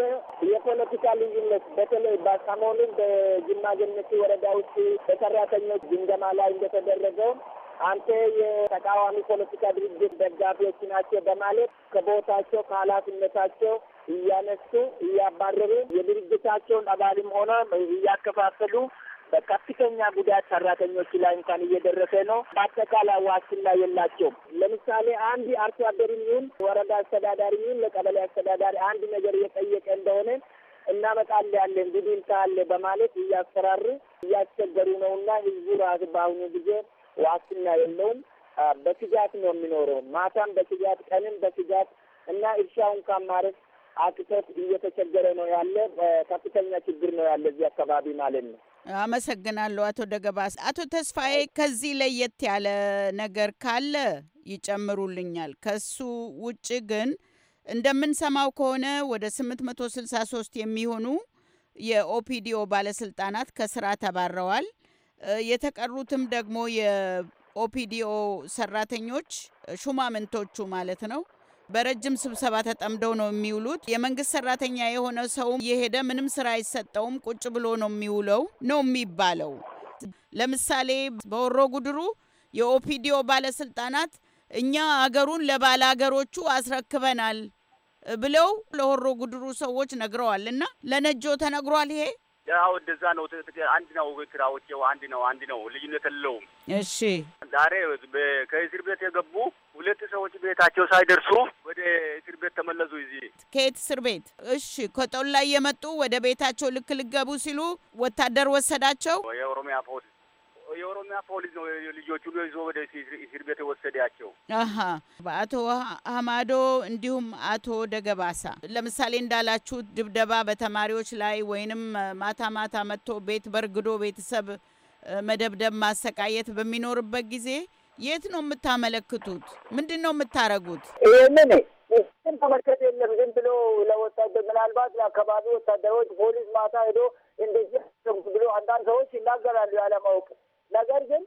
የፖለቲካ ልዩነት በተለይ በሰሞኑን በጅማ ገነቲ ወረዳ ውስጥ በሰራተኞች ግምገማ ላይ እንደተደረገው አንተ የተቃዋሚ ፖለቲካ ድርጅት ደጋፊዎች ናቸው በማለት ከቦታቸው ከኃላፊነታቸው እያነሱ እያባረሩ የድርጅታቸውን አባልም ሆነ እያከፋፈሉ በከፍተኛ ጉዳት ሰራተኞች ላይ እንኳን እየደረሰ ነው። በአጠቃላይ ዋስትና የላቸውም። ለምሳሌ አንድ አርሶ አደርም ይሁን ወረዳ አስተዳዳሪ ይሁን ለቀበሌ አስተዳዳሪ አንድ ነገር እየጠየቀ እንደሆነ እናመጣለ ያለ እንግዲህ እንታለ በማለት እያስፈራሩ እያስቸገሩ ነው ነውና ህዝቡ ራሱ በአሁኑ ጊዜ ዋስትና የለውም። በስጋት ነው የሚኖረው። ማታም በስጋት ቀንም በስጋት እና እርሻውን ካማረስ አቅቶት እየተቸገረ ነው ያለ። ከፍተኛ ችግር ነው ያለ እዚህ አካባቢ ማለት ነው። አመሰግናለሁ አቶ ደገባስ። አቶ ተስፋዬ ከዚህ ለየት ያለ ነገር ካለ ይጨምሩልኛል። ከሱ ውጭ ግን እንደምንሰማው ከሆነ ወደ 863 የሚሆኑ የኦፒዲኦ ባለስልጣናት ከስራ ተባረዋል። የተቀሩትም ደግሞ የኦፒዲኦ ሰራተኞች ሹማምንቶቹ ማለት ነው በረጅም ስብሰባ ተጠምደው ነው የሚውሉት። የመንግስት ሰራተኛ የሆነ ሰው የሄደ ምንም ስራ አይሰጠውም፣ ቁጭ ብሎ ነው የሚውለው ነው የሚባለው። ለምሳሌ በወሮ ጉድሩ የኦፒዲዮ ባለስልጣናት እኛ አገሩን ለባለ አገሮቹ አስረክበናል ብለው ለወሮ ጉድሩ ሰዎች ነግረዋል እና ለነጆ ተነግሯል። ይሄ ያው እንደዛ ነው። አንድ ነው ው አንድ ነው አንድ ነው ልዩነት የለውም። እሺ ዛሬ ከእስር ቤት የገቡ ሁለት ሰዎች ቤታቸው ሳይደርሱ ወደ እስር ቤት ተመለሱ። እዚህ ከየት እስር ቤት? እሺ ከጦላይ የመጡ ወደ ቤታቸው ልክ ልገቡ ሲሉ ወታደር ወሰዳቸው የኦሮሚያ ፖሊስ የኦሮሚያ ፖሊስ ነው ልጆቹ ይዞ ወደ እስር ቤት የወሰዳቸው። በአቶ አህማዶ እንዲሁም አቶ ደገባሳ ለምሳሌ እንዳላችሁ ድብደባ በተማሪዎች ላይ ወይንም ማታ ማታ መጥቶ ቤት በርግዶ ቤተሰብ መደብደብ፣ ማሰቃየት በሚኖርበት ጊዜ የት ነው የምታመለክቱት? ምንድን ነው የምታረጉት? ይህንን ይህን ተመልከት የለም ዝም ብሎ ለወታደር ምናልባት ለአካባቢ ወታደሮች ፖሊስ ማታ ሄዶ እንደዚህ ብሎ አንዳንድ ሰዎች ይናገራሉ ያለማወቅ ነገር ግን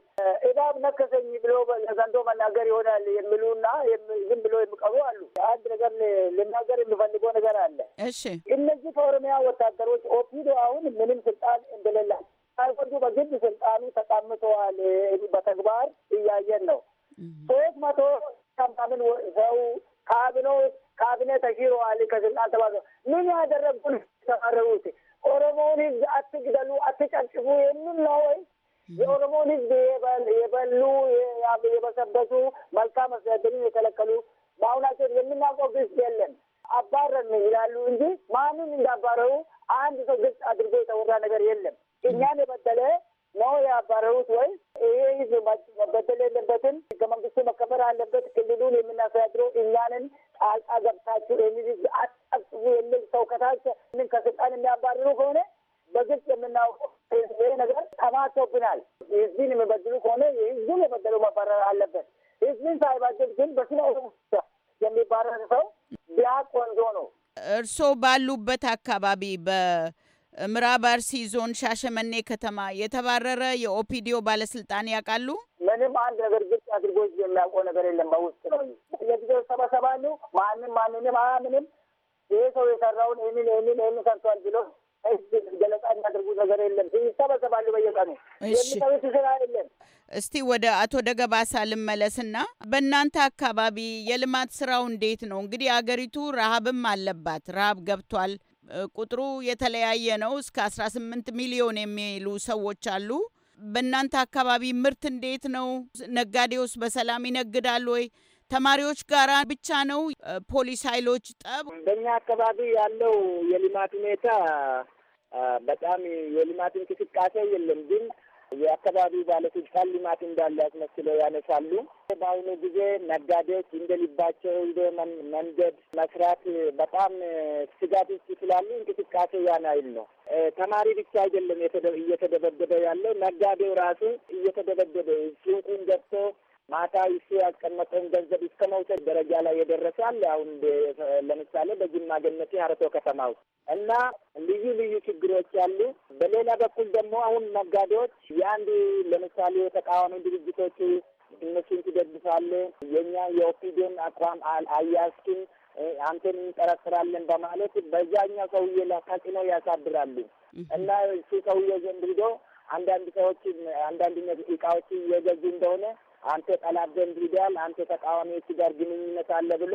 እባብ ነከሰኝ ብሎ ለዘንዶ መናገር ይሆናል የሚሉና ዝም ብሎ የሚቀሩ አሉ። አንድ ነገር ልናገር የሚፈልገው ነገር አለ። እሺ፣ እነዚህ ከኦሮሚያ ወታደሮች ኦፒዶ አሁን ምንም ስልጣን እንደሌላ ሳይወዱ በግድ ስልጣኑ ተቀምጠዋል። በተግባር እያየን ነው። ሶስት መቶ ምናምን ሰው ካቢኖ ካቢኔ ተሽሯል። ከስልጣን ተባ ምን ያደረጉን የተባረሩት ኦሮሞውን ህዝብ አትግደሉ፣ አትጨጭፉ የምን ነው ወይ? የኦሮሞን ህዝብ የበሉ የበሰበሱ መልካም አስተዳደርን የከለከሉ በአሁናቸው የምናውቀው ግልጽ የለም። አባረን ይላሉ እንጂ ማንም እንዳባረሩ አንድ ሰው ግልጽ አድርጎ የተወራ ነገር የለም። እኛን የበደለ ነው ያባረሩት ወይ? ይሄ ህዝብ መበደል የለበትም። ህገ መንግስቱ መከበር አለበት። ክልሉን የምናስተዳድረው እኛንን ጣልቃ ገብታችሁ ህዝብ አጠብ የሚል ሰው ከታች ምን ከስልጣን የሚያባርሩ ከሆነ በግልጽ የምናውቀው ይህ ነገር ተማቶብናል። ህዝብን የሚበድሉ ከሆነ ህዝቡን የበደሉ መባረር አለበት። ህዝብን ሳይበድል ግን በስነ የሚባረር ሰው ቢያ ቆንጆ ነው። እርስዎ ባሉበት አካባቢ በምዕራብ አርሲ ዞን ሻሸመኔ ከተማ የተባረረ የኦፒዲዮ ባለስልጣን ያውቃሉ? ምንም አንድ ነገር ግልጽ አድርጎ የሚያውቀው ነገር የለም። በውስጥ ነው የጊዜው ሰበሰባሉ። ማንም ማንንም ምንም ይህ ሰው የሰራውን ይህንን ይህንን ይህንን ሰርቷል ብሎ ገለጻ የሚያደርጉ ነገር የለም። ይሰበሰባሉ በየቀኑ የሚሰሩት ስራ የለም። እስቲ ወደ አቶ ደገባሳ ልመለስና በእናንተ አካባቢ የልማት ስራው እንዴት ነው? እንግዲህ አገሪቱ ረሃብም አለባት። ረሃብ ገብቷል። ቁጥሩ የተለያየ ነው። እስከ 18 ሚሊዮን የሚሉ ሰዎች አሉ። በእናንተ አካባቢ ምርት እንዴት ነው? ነጋዴውስ በሰላም ይነግዳል ወይ? ተማሪዎች ጋራ ብቻ ነው ፖሊስ ኃይሎች ጠብ? በእኛ አካባቢ ያለው የልማት ሁኔታ በጣም የልማት እንቅስቃሴ የለም፣ ግን የአካባቢው ባለስልጣን ልማት እንዳለ ያስመስለው ያነሳሉ። በአሁኑ ጊዜ ነጋዴዎች እንደልባቸው ሂዶ መንገድ መስራት በጣም ስጋት ውስጥ ስላሉ እንቅስቃሴ ያን አይል ነው። ተማሪ ብቻ አይደለም እየተደበደበ ያለው ነጋዴው ራሱ እየተደበደበ ሱቁን ገብቶ ማታ እሱ ያስቀመጠውን ገንዘብ እስከ መውሰድ ደረጃ ላይ አለ። አሁን ለምሳሌ በጅማ ገነቴ አረቶ ከተማ ውስጥ እና ልዩ ልዩ ችግሮች አሉ። በሌላ በኩል ደግሞ አሁን ነጋዴዎች የአንድ ለምሳሌ የተቃዋሚ ድርጅቶች እነሱን ትደግፋለ የእኛ የኦፒዲዮን አቋም አያስኪን አንተን እንጠረጥራለን በማለት በዛኛ ሰውዬ ላይ ተጽዕኖ ያሳድራሉ እና እሱ ሰውዬ ዘንድ ሂዶ አንዳንድ ሰዎች አንዳንድ እቃዎች እየገዙ እንደሆነ አንተ ጠላት ዘንድ ሂዳል፣ አንተ ተቃዋሚዎች ጋር ግንኙነት አለ ብሎ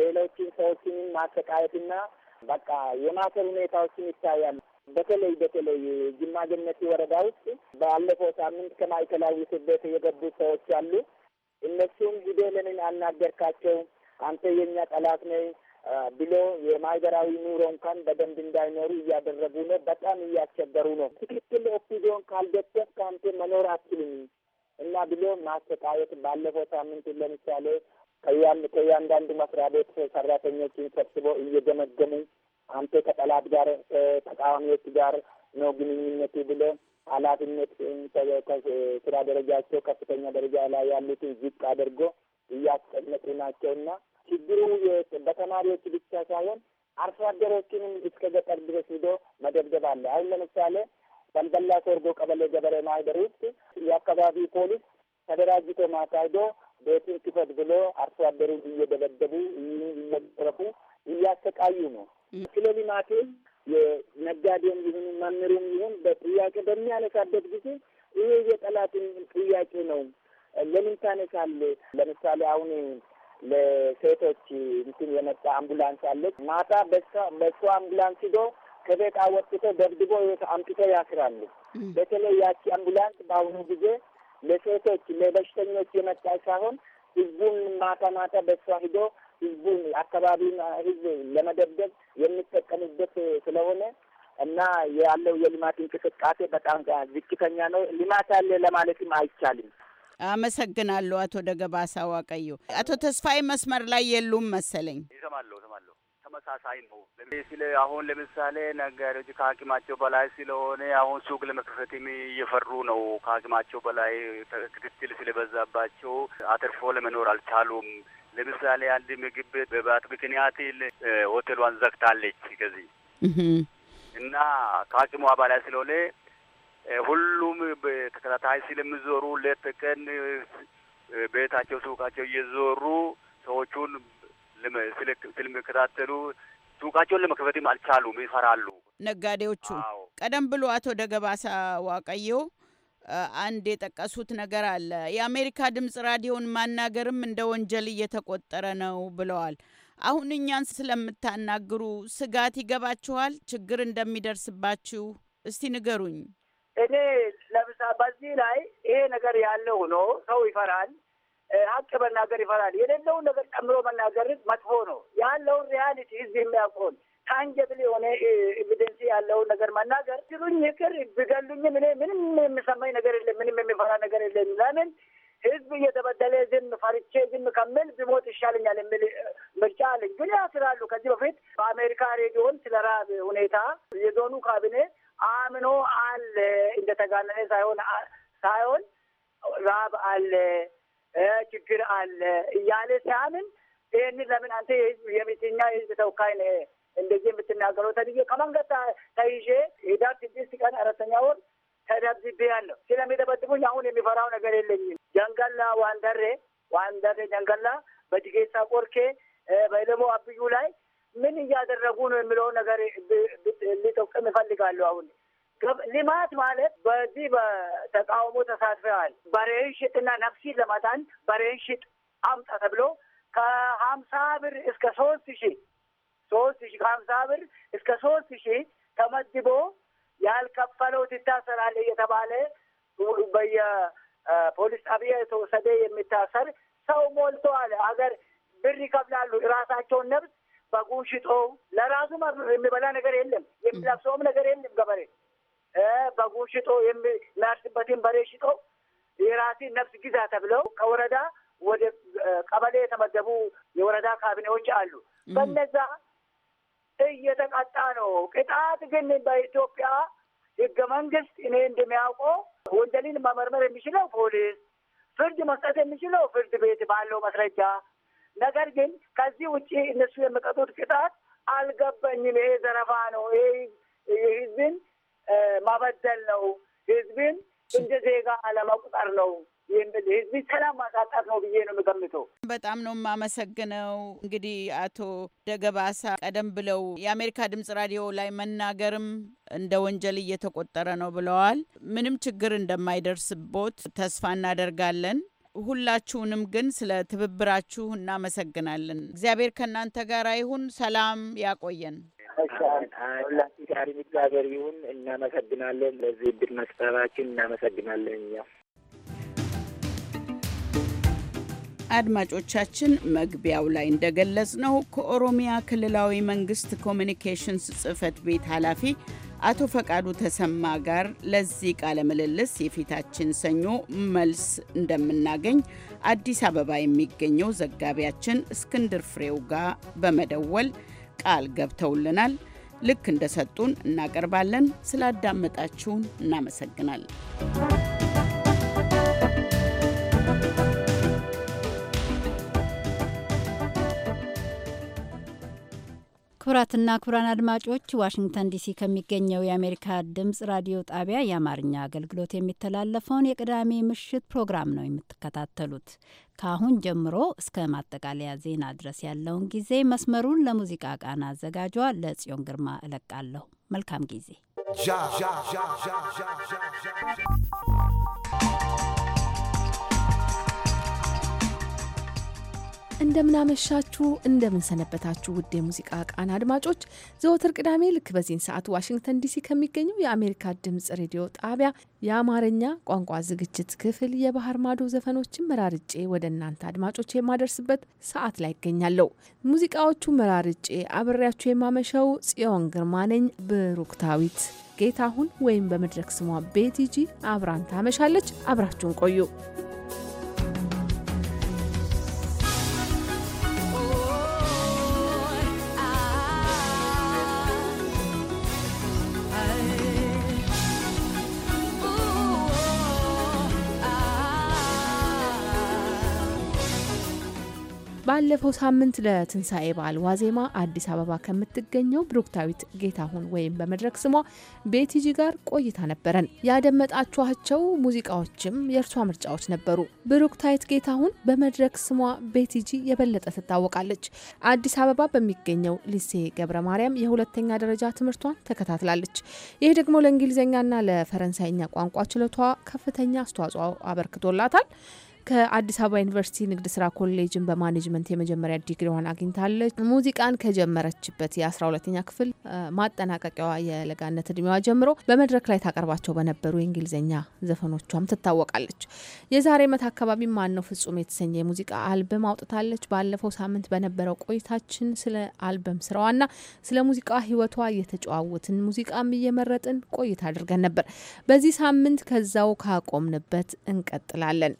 ሌሎችን ሰዎችን ማሰቃየትና በቃ የማሰር ሁኔታዎችን ይታያሉ። በተለይ በተለይ ጅማ ወረዳ ውስጥ ባለፈው ሳምንት ከማዕከላዊ እስር ቤት የገቡ ሰዎች አሉ። እነሱም ሂዶ ለምን አናገርካቸው? አንተ የእኛ ጠላት ነህ ብሎ የማህበራዊ ኑሮ እንኳን በደንብ እንዳይኖሩ እያደረጉ ነው። በጣም እያስቸገሩ ነው። ትክክል ኦክሲጆን ካልደሰት ከአንተ መኖር አትችልም እና ብሎ ማሰቃየት ባለፈው ሳምንት ለምሳሌ ከእያንዳንዱ መስሪያ ቤት ሰራተኞችን ሰብስቦ እየገመገሙ አንተ ከጠላት ጋር ተቃዋሚዎች ጋር ነው ግንኙነቱ ብሎ ኃላፊነት ስራ ደረጃቸው ከፍተኛ ደረጃ ላይ ያሉትን ዝቅ አድርጎ እያስቀመጡ ናቸውና ችግሩ በተማሪዎች ብቻ ሳይሆን አርሶ አደሮችንም እስከ ገጠር ድረስ ሂዶ መደብደብ አለ። አሁን ለምሳሌ በልበላ ሶርጎ ቀበሌ ገበሬ ማህበር ውስጥ የአካባቢ ፖሊስ ተደራጅቶ ማካሂዶ ቤቱን ክፈት ብሎ አርሶ አደሩን እየደበደቡ እየገረፉ እያሰቃዩ ነው። ስለ ልማቴ የነጋዴም ይሁን መምህሩም ይሁን በጥያቄ በሚያነሳበት ጊዜ ይሄ የጠላትን ጥያቄ ነው። ለምን ታነሳል? ለምሳሌ አሁን ለሴቶች እንትን የመጣ አምቡላንስ አለች። ማታ በሷ አምቡላንስ ሂዶ ከቤት አወጥቶ ደብድቦ አምጥቶ ያስራሉ። በተለይ ያቺ አምቡላንስ በአሁኑ ጊዜ ለሴቶች ለበሽተኞች የመጣ ሳይሆን ህዝቡን ማታ ማታ በሷ ሂዶ ህዝቡን አካባቢውን ህዝብ ለመደብደብ የሚጠቀሙበት ስለሆነ እና ያለው የልማት እንቅስቃሴ በጣም ዝቅተኛ ነው። ልማት አለ ለማለትም አይቻልም። አመሰግናለሁ አቶ ደገባ ሳዋቀዩ። አቶ ተስፋዬ መስመር ላይ የሉም መሰለኝ። ይሰማለሁ ይሰማለሁ ተመሳሳይ ነው። ስለ አሁን ለምሳሌ ነጋዴዎች ከአቅማቸው በላይ ስለሆነ አሁን ሱቅ ለመክፈትም እየፈሩ ነው። ከአቅማቸው በላይ ክትትል ስለበዛባቸው አትርፎ ለመኖር አልቻሉም። ለምሳሌ አንድ ምግብ በባት ምክንያት ሆቴሏን ዘግታለች። ከዚህ እና ከአቅሟ በላይ ስለሆነ ሁሉም ተከታታይ ስለሚዞሩ ሌት ቀን ቤታቸው ሱቃቸው እየዞሩ ሰዎቹን ስለሚከታተሉ ሱቃቸውን ለመክፈትም አልቻሉም፣ ይፈራሉ ነጋዴዎቹ። ቀደም ብሎ አቶ ደገባሳ ዋቀዮ አንድ የጠቀሱት ነገር አለ። የአሜሪካ ድምፅ ራዲዮን ማናገርም እንደ ወንጀል እየተቆጠረ ነው ብለዋል። አሁን እኛን ስለምታናግሩ ስጋት ይገባችኋል? ችግር እንደሚደርስባችሁ እስቲ ንገሩኝ። እኔ ለምሳ በዚህ ላይ ይሄ ነገር ያለ ሆኖ ሰው ይፈራል። ሀቅ መናገር ይፈራል። የሌለውን ነገር ጨምሮ መናገር መጥፎ ነው። ያለውን ሪያሊቲ ህዝብ የሚያውቀውን ታንጀብል የሆነ ኤቪደንስ ያለውን ነገር መናገር ሲሉኝ ይቅር ቢገሉኝም እኔ ምንም የሚሰማኝ ነገር የለም፣ ምንም የሚፈራ ነገር የለም። ለምን ህዝብ እየተበደለ ዝም ፈርቼ ዝም ከምል ቢሞት ይሻለኛል የሚል ምርጫ አለኝ። ግን ያስራሉ። ከዚህ በፊት በአሜሪካ ሬዲዮን ስለ ራብ ሁኔታ የዞኑ ካቢኔ አምኖ አለ እንደተጋነነ ሳይሆን ሳይሆን ራብ አለ ችግር አለ እያለ ሲያምን ይህን ለምን አንተ የህዝብ የቤትኛ የህዝብ ተወካይ ነህ እንደዚህ የምትናገረው ተብዬ ከመንገድ ተይዤ ሄዳ ስድስት ቀን አራተኛ ወር ተደብድቤ ያለው ስለሚደበድቡኝ አሁን የሚፈራው ነገር የለኝም። ጀንገላ ዋንደሬ ዋንደሬ ጀንገላ በጅጌሳ ቆርኬ በደሞ አብዩ ላይ ምን እያደረጉ ነው የሚለው ነገር ሊጠቅም እፈልጋለሁ አሁን ልማት ማለት በዚህ በተቃውሞ ተሳትፈዋል። በሬን ሽጥና ነፍሲ ለማዳን በሬን ሽጥ አምጣ ተብሎ ከሀምሳ ብር እስከ ሶስት ሺ ሶስት ሺ ከሀምሳ ብር እስከ ሶስት ሺ ተመድቦ ያልከፈለው ትታሰራል እየተባለ በየፖሊስ ጣቢያ የተወሰደ የሚታሰር ሰው ሞልተዋል። አገር ብር ይከፍላሉ። ራሳቸውን ነብስ በጉን ሽጦ ለራሱ የሚበላ ነገር የለም፣ የሚለብሰውም ነገር የለም ገበሬ በጉን ሽጦ የሚያርስበትን በሬ ሽጦ የራሲ ነፍስ ግዛ ተብለው ከወረዳ ወደ ቀበሌ የተመደቡ የወረዳ ካቢኔዎች አሉ። በነዛ እየተቀጣ ነው። ቅጣት ግን በኢትዮጵያ ህገ መንግስት እኔ እንደሚያውቀው ወንጀልን መመርመር የሚችለው ፖሊስ፣ ፍርድ መስጠት የሚችለው ፍርድ ቤት ባለው ማስረጃ። ነገር ግን ከዚህ ውጭ እነሱ የሚቀጡት ቅጣት አልገባኝም። ይሄ ዘረፋ ነው። ይሄ ህዝብን ማበደል ነው፣ ህዝብን እንደ ዜጋ አለመቁጠር ነው ህዝብ ሰላም ማሳጣት ነው ብዬ ነው የምገምተው። በጣም ነው የማመሰግነው። እንግዲህ አቶ ደገባሳ ቀደም ብለው የአሜሪካ ድምጽ ራዲዮ ላይ መናገርም እንደ ወንጀል እየተቆጠረ ነው ብለዋል። ምንም ችግር እንደማይደርስቦት ተስፋ እናደርጋለን። ሁላችሁንም ግን ስለ ትብብራችሁ እናመሰግናለን። እግዚአብሔር ከእናንተ ጋር ይሁን። ሰላም ያቆየን። ፈጣሪ እግዚአብሔር ይሁን። እናመሰግናለን። ለዚህ እድል መስጠታችን እናመሰግናለን። እኛ አድማጮቻችን መግቢያው ላይ እንደገለጽ ነው ከኦሮሚያ ክልላዊ መንግስት ኮሚኒኬሽንስ ጽህፈት ቤት ኃላፊ አቶ ፈቃዱ ተሰማ ጋር ለዚህ ቃለ ምልልስ የፊታችን ሰኞ መልስ እንደምናገኝ አዲስ አበባ የሚገኘው ዘጋቢያችን እስክንድር ፍሬው ጋር በመደወል ቃል ገብተውልናል። ልክ እንደሰጡን እናቀርባለን። ስላዳመጣችሁን እናመሰግናለን። ክቡራትና ክቡራን አድማጮች ዋሽንግተን ዲሲ ከሚገኘው የአሜሪካ ድምጽ ራዲዮ ጣቢያ የአማርኛ አገልግሎት የሚተላለፈውን የቅዳሜ ምሽት ፕሮግራም ነው የምትከታተሉት። ከአሁን ጀምሮ እስከ ማጠቃለያ ዜና ድረስ ያለውን ጊዜ መስመሩን ለሙዚቃ ቃና አዘጋጇ ለጽዮን ግርማ እለቃለሁ። መልካም ጊዜ። እንደምናመሻችሁ እንደምንሰነበታችሁ ውድ የሙዚቃ ቃና አድማጮች ዘወትር ቅዳሜ ልክ በዚህን ሰዓት ዋሽንግተን ዲሲ ከሚገኘው የአሜሪካ ድምጽ ሬዲዮ ጣቢያ የአማርኛ ቋንቋ ዝግጅት ክፍል የባህር ማዶ ዘፈኖችን መራርጬ ወደ እናንተ አድማጮች የማደርስበት ሰዓት ላይ ይገኛለሁ። ሙዚቃዎቹ መራርጬ አብሬያችሁ የማመሸው ጽዮን ግርማ ነኝ። ብሩክታዊት ጌታሁን ወይም በመድረክ ስሟ ቤቲጂ አብራን ታመሻለች። አብራችሁን ቆዩ። ባለፈው ሳምንት ለትንሣኤ በዓል ዋዜማ አዲስ አበባ ከምትገኘው ብሩክታዊት ጌታሁን ወይም በመድረክ ስሟ ቤቲጂ ጋር ቆይታ ነበረን። ያደመጣችኋቸው ሙዚቃዎችም የእርሷ ምርጫዎች ነበሩ። ብሩክታዊት ጌታሁን በመድረክ ስሟ ቤቲጂ የበለጠ ትታወቃለች። አዲስ አበባ በሚገኘው ሊሴ ገብረ ማርያም የሁለተኛ ደረጃ ትምህርቷን ተከታትላለች። ይህ ደግሞ ለእንግሊዝኛና ለፈረንሳይኛ ቋንቋ ችሎቷ ከፍተኛ አስተዋጽኦ አበርክቶላታል። ከአዲስ አበባ ዩኒቨርሲቲ ንግድ ስራ ኮሌጅን በማኔጅመንት የመጀመሪያ ዲግሪዋን አግኝታለች። ሙዚቃን ከጀመረችበት የአስራ ሁለተኛ ክፍል ማጠናቀቂያዋ የለጋነት እድሜዋ ጀምሮ በመድረክ ላይ ታቀርባቸው በነበሩ የእንግሊዝኛ ዘፈኖቿም ትታወቃለች። የዛሬ ዓመት አካባቢ ማነው ፍጹም የተሰኘ የሙዚቃ አልበም አውጥታለች። ባለፈው ሳምንት በነበረው ቆይታችን ስለ አልበም ስራዋና ስለ ሙዚቃ ህይወቷ እየተጫዋወትን ሙዚቃም እየመረጥን ቆይታ አድርገን ነበር። በዚህ ሳምንት ከዛው ካቆምንበት እንቀጥላለን።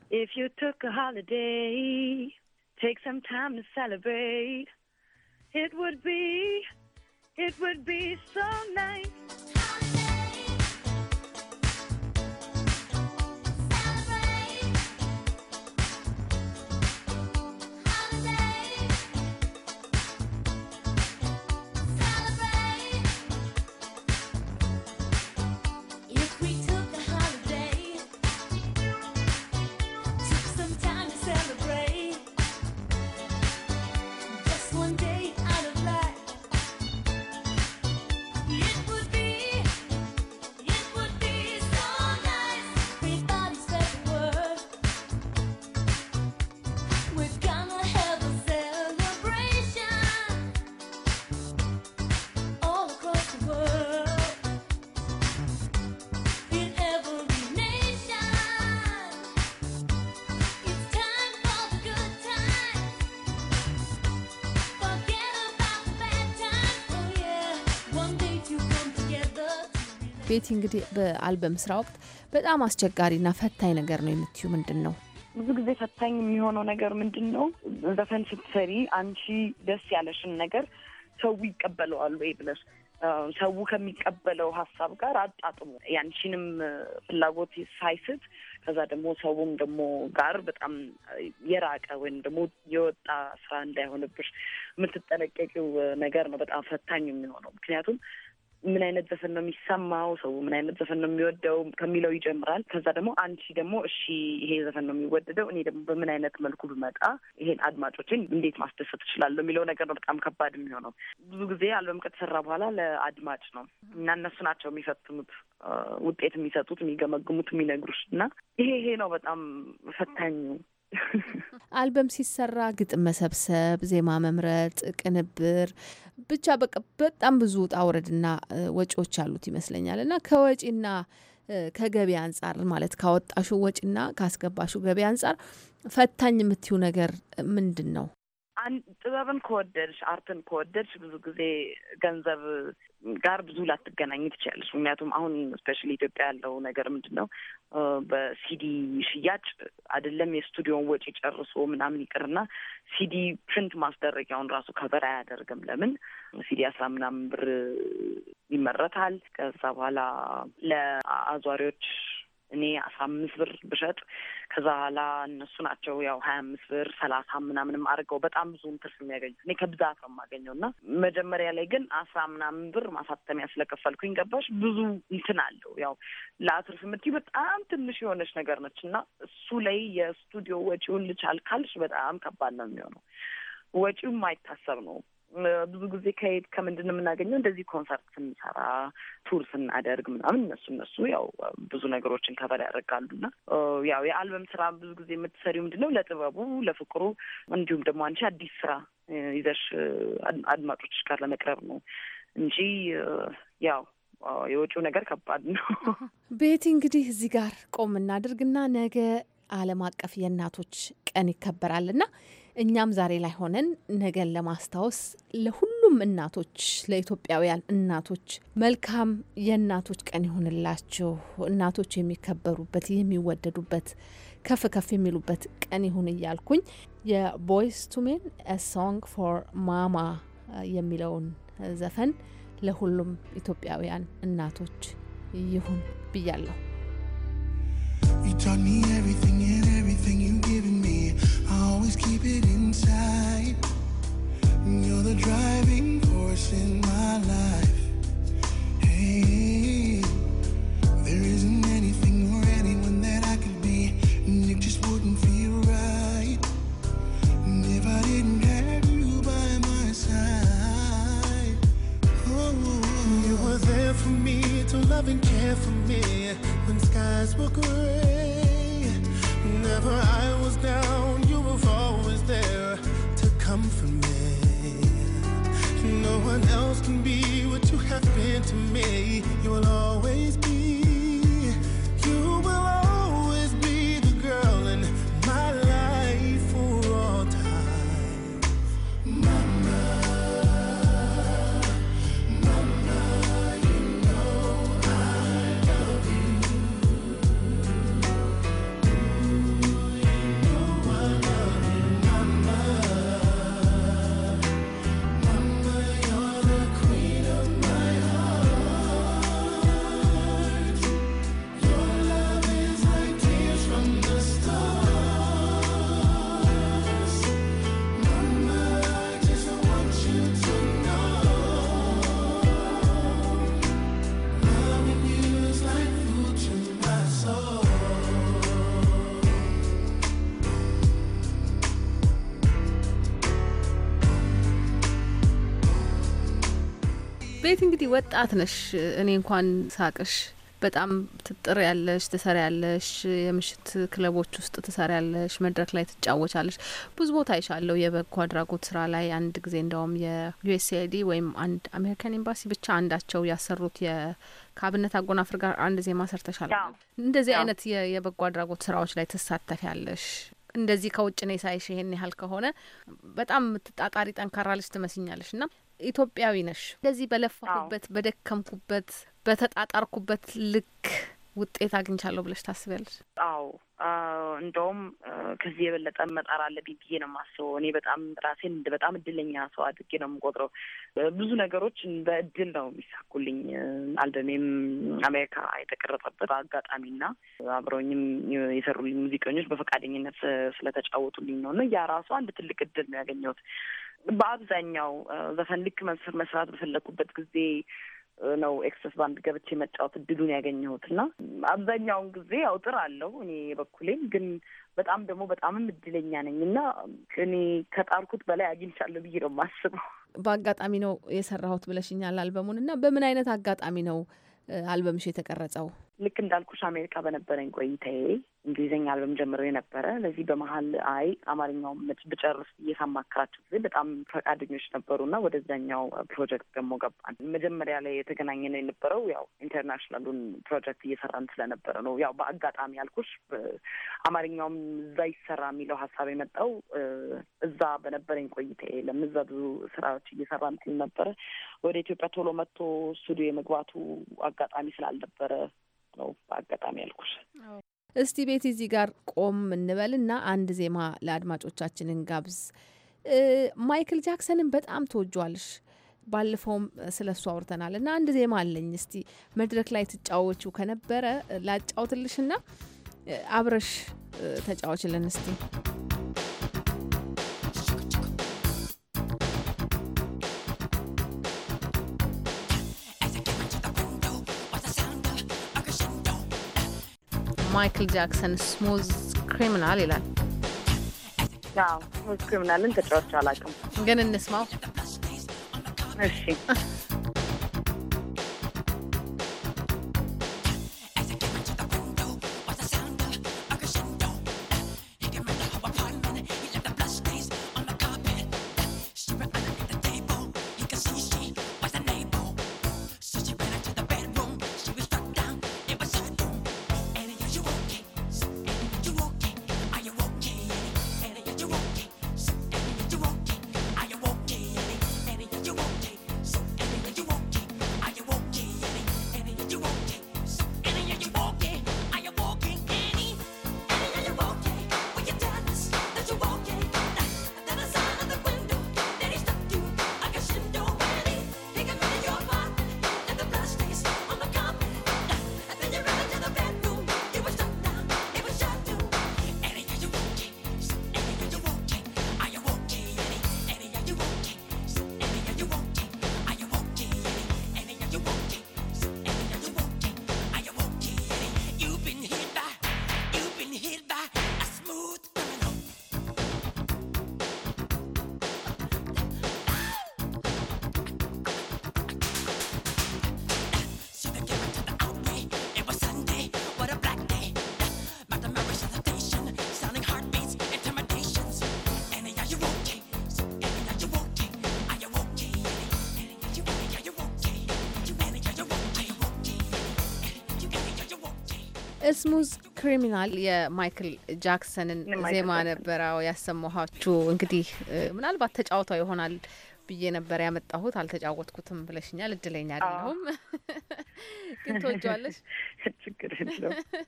took a holiday, take some time to celebrate. It would be, it would be so nice. ቤቲ እንግዲህ በአልበም ስራ ወቅት በጣም አስቸጋሪና ፈታኝ ነገር ነው የምትዩ ምንድን ነው? ብዙ ጊዜ ፈታኝ የሚሆነው ነገር ምንድን ነው? ዘፈን ስትሰሪ አንቺ ደስ ያለሽን ነገር ሰው ይቀበለዋል ወይ ብለሽ ሰው ከሚቀበለው ሀሳብ ጋር አጣጥሞ ያንቺንም ፍላጎት ሳይስት ከዛ ደግሞ ሰውም ደግሞ ጋር በጣም የራቀ ወይም ደግሞ የወጣ ስራ እንዳይሆንብሽ የምትጠነቀቂው ነገር ነው በጣም ፈታኝ የሚሆነው። ምክንያቱም ምን አይነት ዘፈን ነው የሚሰማው፣ ሰው ምን አይነት ዘፈን ነው የሚወደው ከሚለው ይጀምራል። ከዛ ደግሞ አንቺ ደግሞ እሺ ይሄ ዘፈን ነው የሚወደደው፣ እኔ ደግሞ በምን አይነት መልኩ ብመጣ ይሄን አድማጮችን እንዴት ማስደሰት እችላለሁ የሚለው ነገር ነው በጣም ከባድ የሚሆነው። ብዙ ጊዜ አልበም ከተሰራ በኋላ ለአድማጭ ነው እና እነሱ ናቸው የሚፈትኑት ውጤት የሚሰጡት፣ የሚገመግሙት፣ የሚነግሩት እና ይሄ ይሄ ነው በጣም ፈታኙ አልበም ሲሰራ ግጥም መሰብሰብ፣ ዜማ መምረጥ፣ ቅንብር ብቻ በቃ በጣም ብዙ ውጣ ውረድና ወጪዎች አሉት ይመስለኛል እና ከወጪና ከገቢ አንጻር ማለት ካወጣሹ ወጪና ካስገባሹ ገቢ አንጻር ፈታኝ የምትዩ ነገር ምንድን ነው? ጥበብን ከወደድሽ አርትን ከወደድሽ ብዙ ጊዜ ገንዘብ ጋር ብዙ ላትገናኝ ትችላለች። ምክንያቱም አሁን ስፔሻሊ ኢትዮጵያ ያለው ነገር ምንድን ነው? በሲዲ ሽያጭ አይደለም የስቱዲዮን ወጪ ጨርሶ ምናምን ይቅርና ሲዲ ፕሪንት ማስደረጊያውን ራሱ ከበር አያደርግም። ለምን ሲዲ አስራ ምናምን ብር ይመረታል። ከዛ በኋላ ለአዟሪዎች እኔ አስራ አምስት ብር ብሸጥ ከዛ በኋላ እነሱ ናቸው ያው ሀያ አምስት ብር ሰላሳ ምናምንም አድርገው በጣም ብዙ ትርፍ የሚያገኙ እኔ ከብዛት ነው የማገኘው እና መጀመሪያ ላይ ግን አስራ ምናምን ብር ማሳተሚያ ስለከፈልኩኝ ገባሽ ብዙ እንትን አለው ያው ለአትርፍ የምትይው በጣም ትንሽ የሆነች ነገር ነች እና እሱ ላይ የስቱዲዮ ወጪውን ልቻል ካልሽ በጣም ከባድ ነው የሚሆነው። ወጪው የማይታሰብ ነው። ብዙ ጊዜ ከየት ከምንድን ነው የምናገኘው? እንደዚህ ኮንሰርት ስንሰራ ቱር ስናደርግ ምናምን እነሱ እነሱ ያው ብዙ ነገሮችን ከበር ያደርጋሉ እና ያው የአልበም ስራ ብዙ ጊዜ የምትሰሪው ምንድን ነው ለጥበቡ ለፍቅሩ፣ እንዲሁም ደግሞ አንቺ አዲስ ስራ ይዘሽ አድማጮች ጋር ለመቅረብ ነው እንጂ ያው የወጪው ነገር ከባድ ነው። ቤቲ እንግዲህ እዚህ ጋር ቆም እናድርግና ነገ ዓለም አቀፍ የእናቶች ቀን ይከበራልና እኛም ዛሬ ላይ ሆነን ነገን ለማስታወስ ለሁሉም እናቶች ለኢትዮጵያውያን እናቶች መልካም የእናቶች ቀን ይሁንላችሁ። እናቶች የሚከበሩበት የሚወደዱበት ከፍ ከፍ የሚሉበት ቀን ይሁን እያልኩኝ የቦይስ ቱሜን ሶንግ ፎር ማማ የሚለውን ዘፈን ለሁሉም ኢትዮጵያውያን እናቶች ይሁን ብያለሁ። always keep it inside. You're the driving force in my life. Hey, there isn't anything or anyone that I could be, and it just wouldn't feel right. And if I didn't have you by my side, oh, you were there for me to love and care for me when skies were gray. Whenever I was down, you were always there to comfort me. No one else can be what you have been to me. You will always be. ቤት እንግዲህ ወጣት ነሽ። እኔ እንኳን ሳቅሽ በጣም ትጥር ያለሽ ትሰሪ ያለሽ የምሽት ክለቦች ውስጥ ትሰሪ ያለሽ መድረክ ላይ ትጫወቻለሽ። ብዙ ቦታ ይሻለው የበጎ አድራጎት ስራ ላይ አንድ ጊዜ እንደውም የዩኤስኤአይዲ ወይም አንድ አሜሪካን ኤምባሲ ብቻ አንዳቸው ያሰሩት ከአብነት አጎናፍር ጋር አንድ ዜማ ሰርተሻል። እንደዚህ አይነት የበጎ አድራጎት ስራዎች ላይ ትሳተፊ ያለሽ እንደዚህ ከውጭ ነ ሳይሽ ይሄን ያህል ከሆነ በጣም ጣጣሪ ጠንካራ ልጅ ትመስኛለሽ እና ኢትዮጵያዊ ነሽ። እንደዚህ በለፋሁበት፣ በደከምኩበት፣ በተጣጣርኩበት ልክ ውጤት አግኝቻለሁ ብለሽ ታስቢያለሽ? አዎ እንደውም ከዚህ የበለጠ መጣር አለብኝ ብዬ ነው የማስበው። እኔ በጣም ራሴን በጣም እድለኛ ሰው አድርጌ ነው የምቆጥረው። ብዙ ነገሮች በእድል ነው የሚሳኩልኝ። አልበሜም አሜሪካ የተቀረጸበት አጋጣሚና አብረውኝም የሰሩልኝ ሙዚቀኞች በፈቃደኝነት ስለተጫወቱልኝ ነው እና ያ ራሱ አንድ ትልቅ እድል ነው ያገኘሁት። በአብዛኛው ዘፈን ልክ መስራት በፈለግኩበት ጊዜ ነው ኤክሰስ ባንድ ገብቼ የመጫወት እድሉን ያገኘሁት እና አብዛኛውን ጊዜ ያው ጥር አለው እኔ የበኩሌን ግን በጣም ደግሞ በጣምም እድለኛ ነኝ እና እኔ ከጣርኩት በላይ አግኝቻለሁ ብዬ ነው የማስበው። በአጋጣሚ ነው የሰራሁት ብለሽኛል አልበሙን እና በምን አይነት አጋጣሚ ነው አልበምሽ የተቀረጸው? ልክ እንዳልኩሽ አሜሪካ በነበረኝ ቆይታዬ እንግሊዝኛ አልበም ጀምረው የነበረ ለዚህ በመሀል አይ አማርኛው ብጨርስ እየሳማከራቸው ጊዜ በጣም ፈቃደኞች ነበሩና ወደዛኛው ፕሮጀክት ደግሞ ገባን። መጀመሪያ ላይ የተገናኘ ነው የነበረው ያው ኢንተርናሽናሉን ፕሮጀክት እየሰራን ስለነበረ ነው። ያው በአጋጣሚ ያልኩሽ አማርኛውም እዛ ይሰራ የሚለው ሀሳብ የመጣው እዛ በነበረኝ ቆይታዬ ለምዛ ብዙ ስራዎች እየሰራን ስለነበረ ወደ ኢትዮጵያ ቶሎ መጥቶ ስቱዲዮ የመግባቱ አጋጣሚ ስላልነበረ ነው በአጋጣሚ ያልኩሽ። እስቲ ቤት እዚህ ጋር ቆም እንበልና አንድ ዜማ ለአድማጮቻችን እንጋብዝ። ማይክል ጃክሰንን በጣም ትወጇዋልሽ፣ ባለፈውም ስለ እሱ አውርተናል እና አንድ ዜማ አለኝ። እስቲ መድረክ ላይ ትጫወቹ ከነበረ ላጫውትልሽና አብረሽ ተጫወችልን እስቲ ማይክል ጃክሰን ስሙዝ ክሪሚናል ይላል። ስሙዝ ክሪሚናልን ተጫዋች አላውቅም፣ ግን እንስማው። እሺ ስሙዝ ክሪሚናል የማይክል ጃክሰንን ዜማ ነበረው ያሰማኋችሁ። እንግዲህ ምናልባት ተጫውቷ ይሆናል ብዬ ነበር ያመጣሁት። አልተጫወትኩትም ብለሽኛል። እድለኛ አይደለሁም። ግን ትወጇለሽ።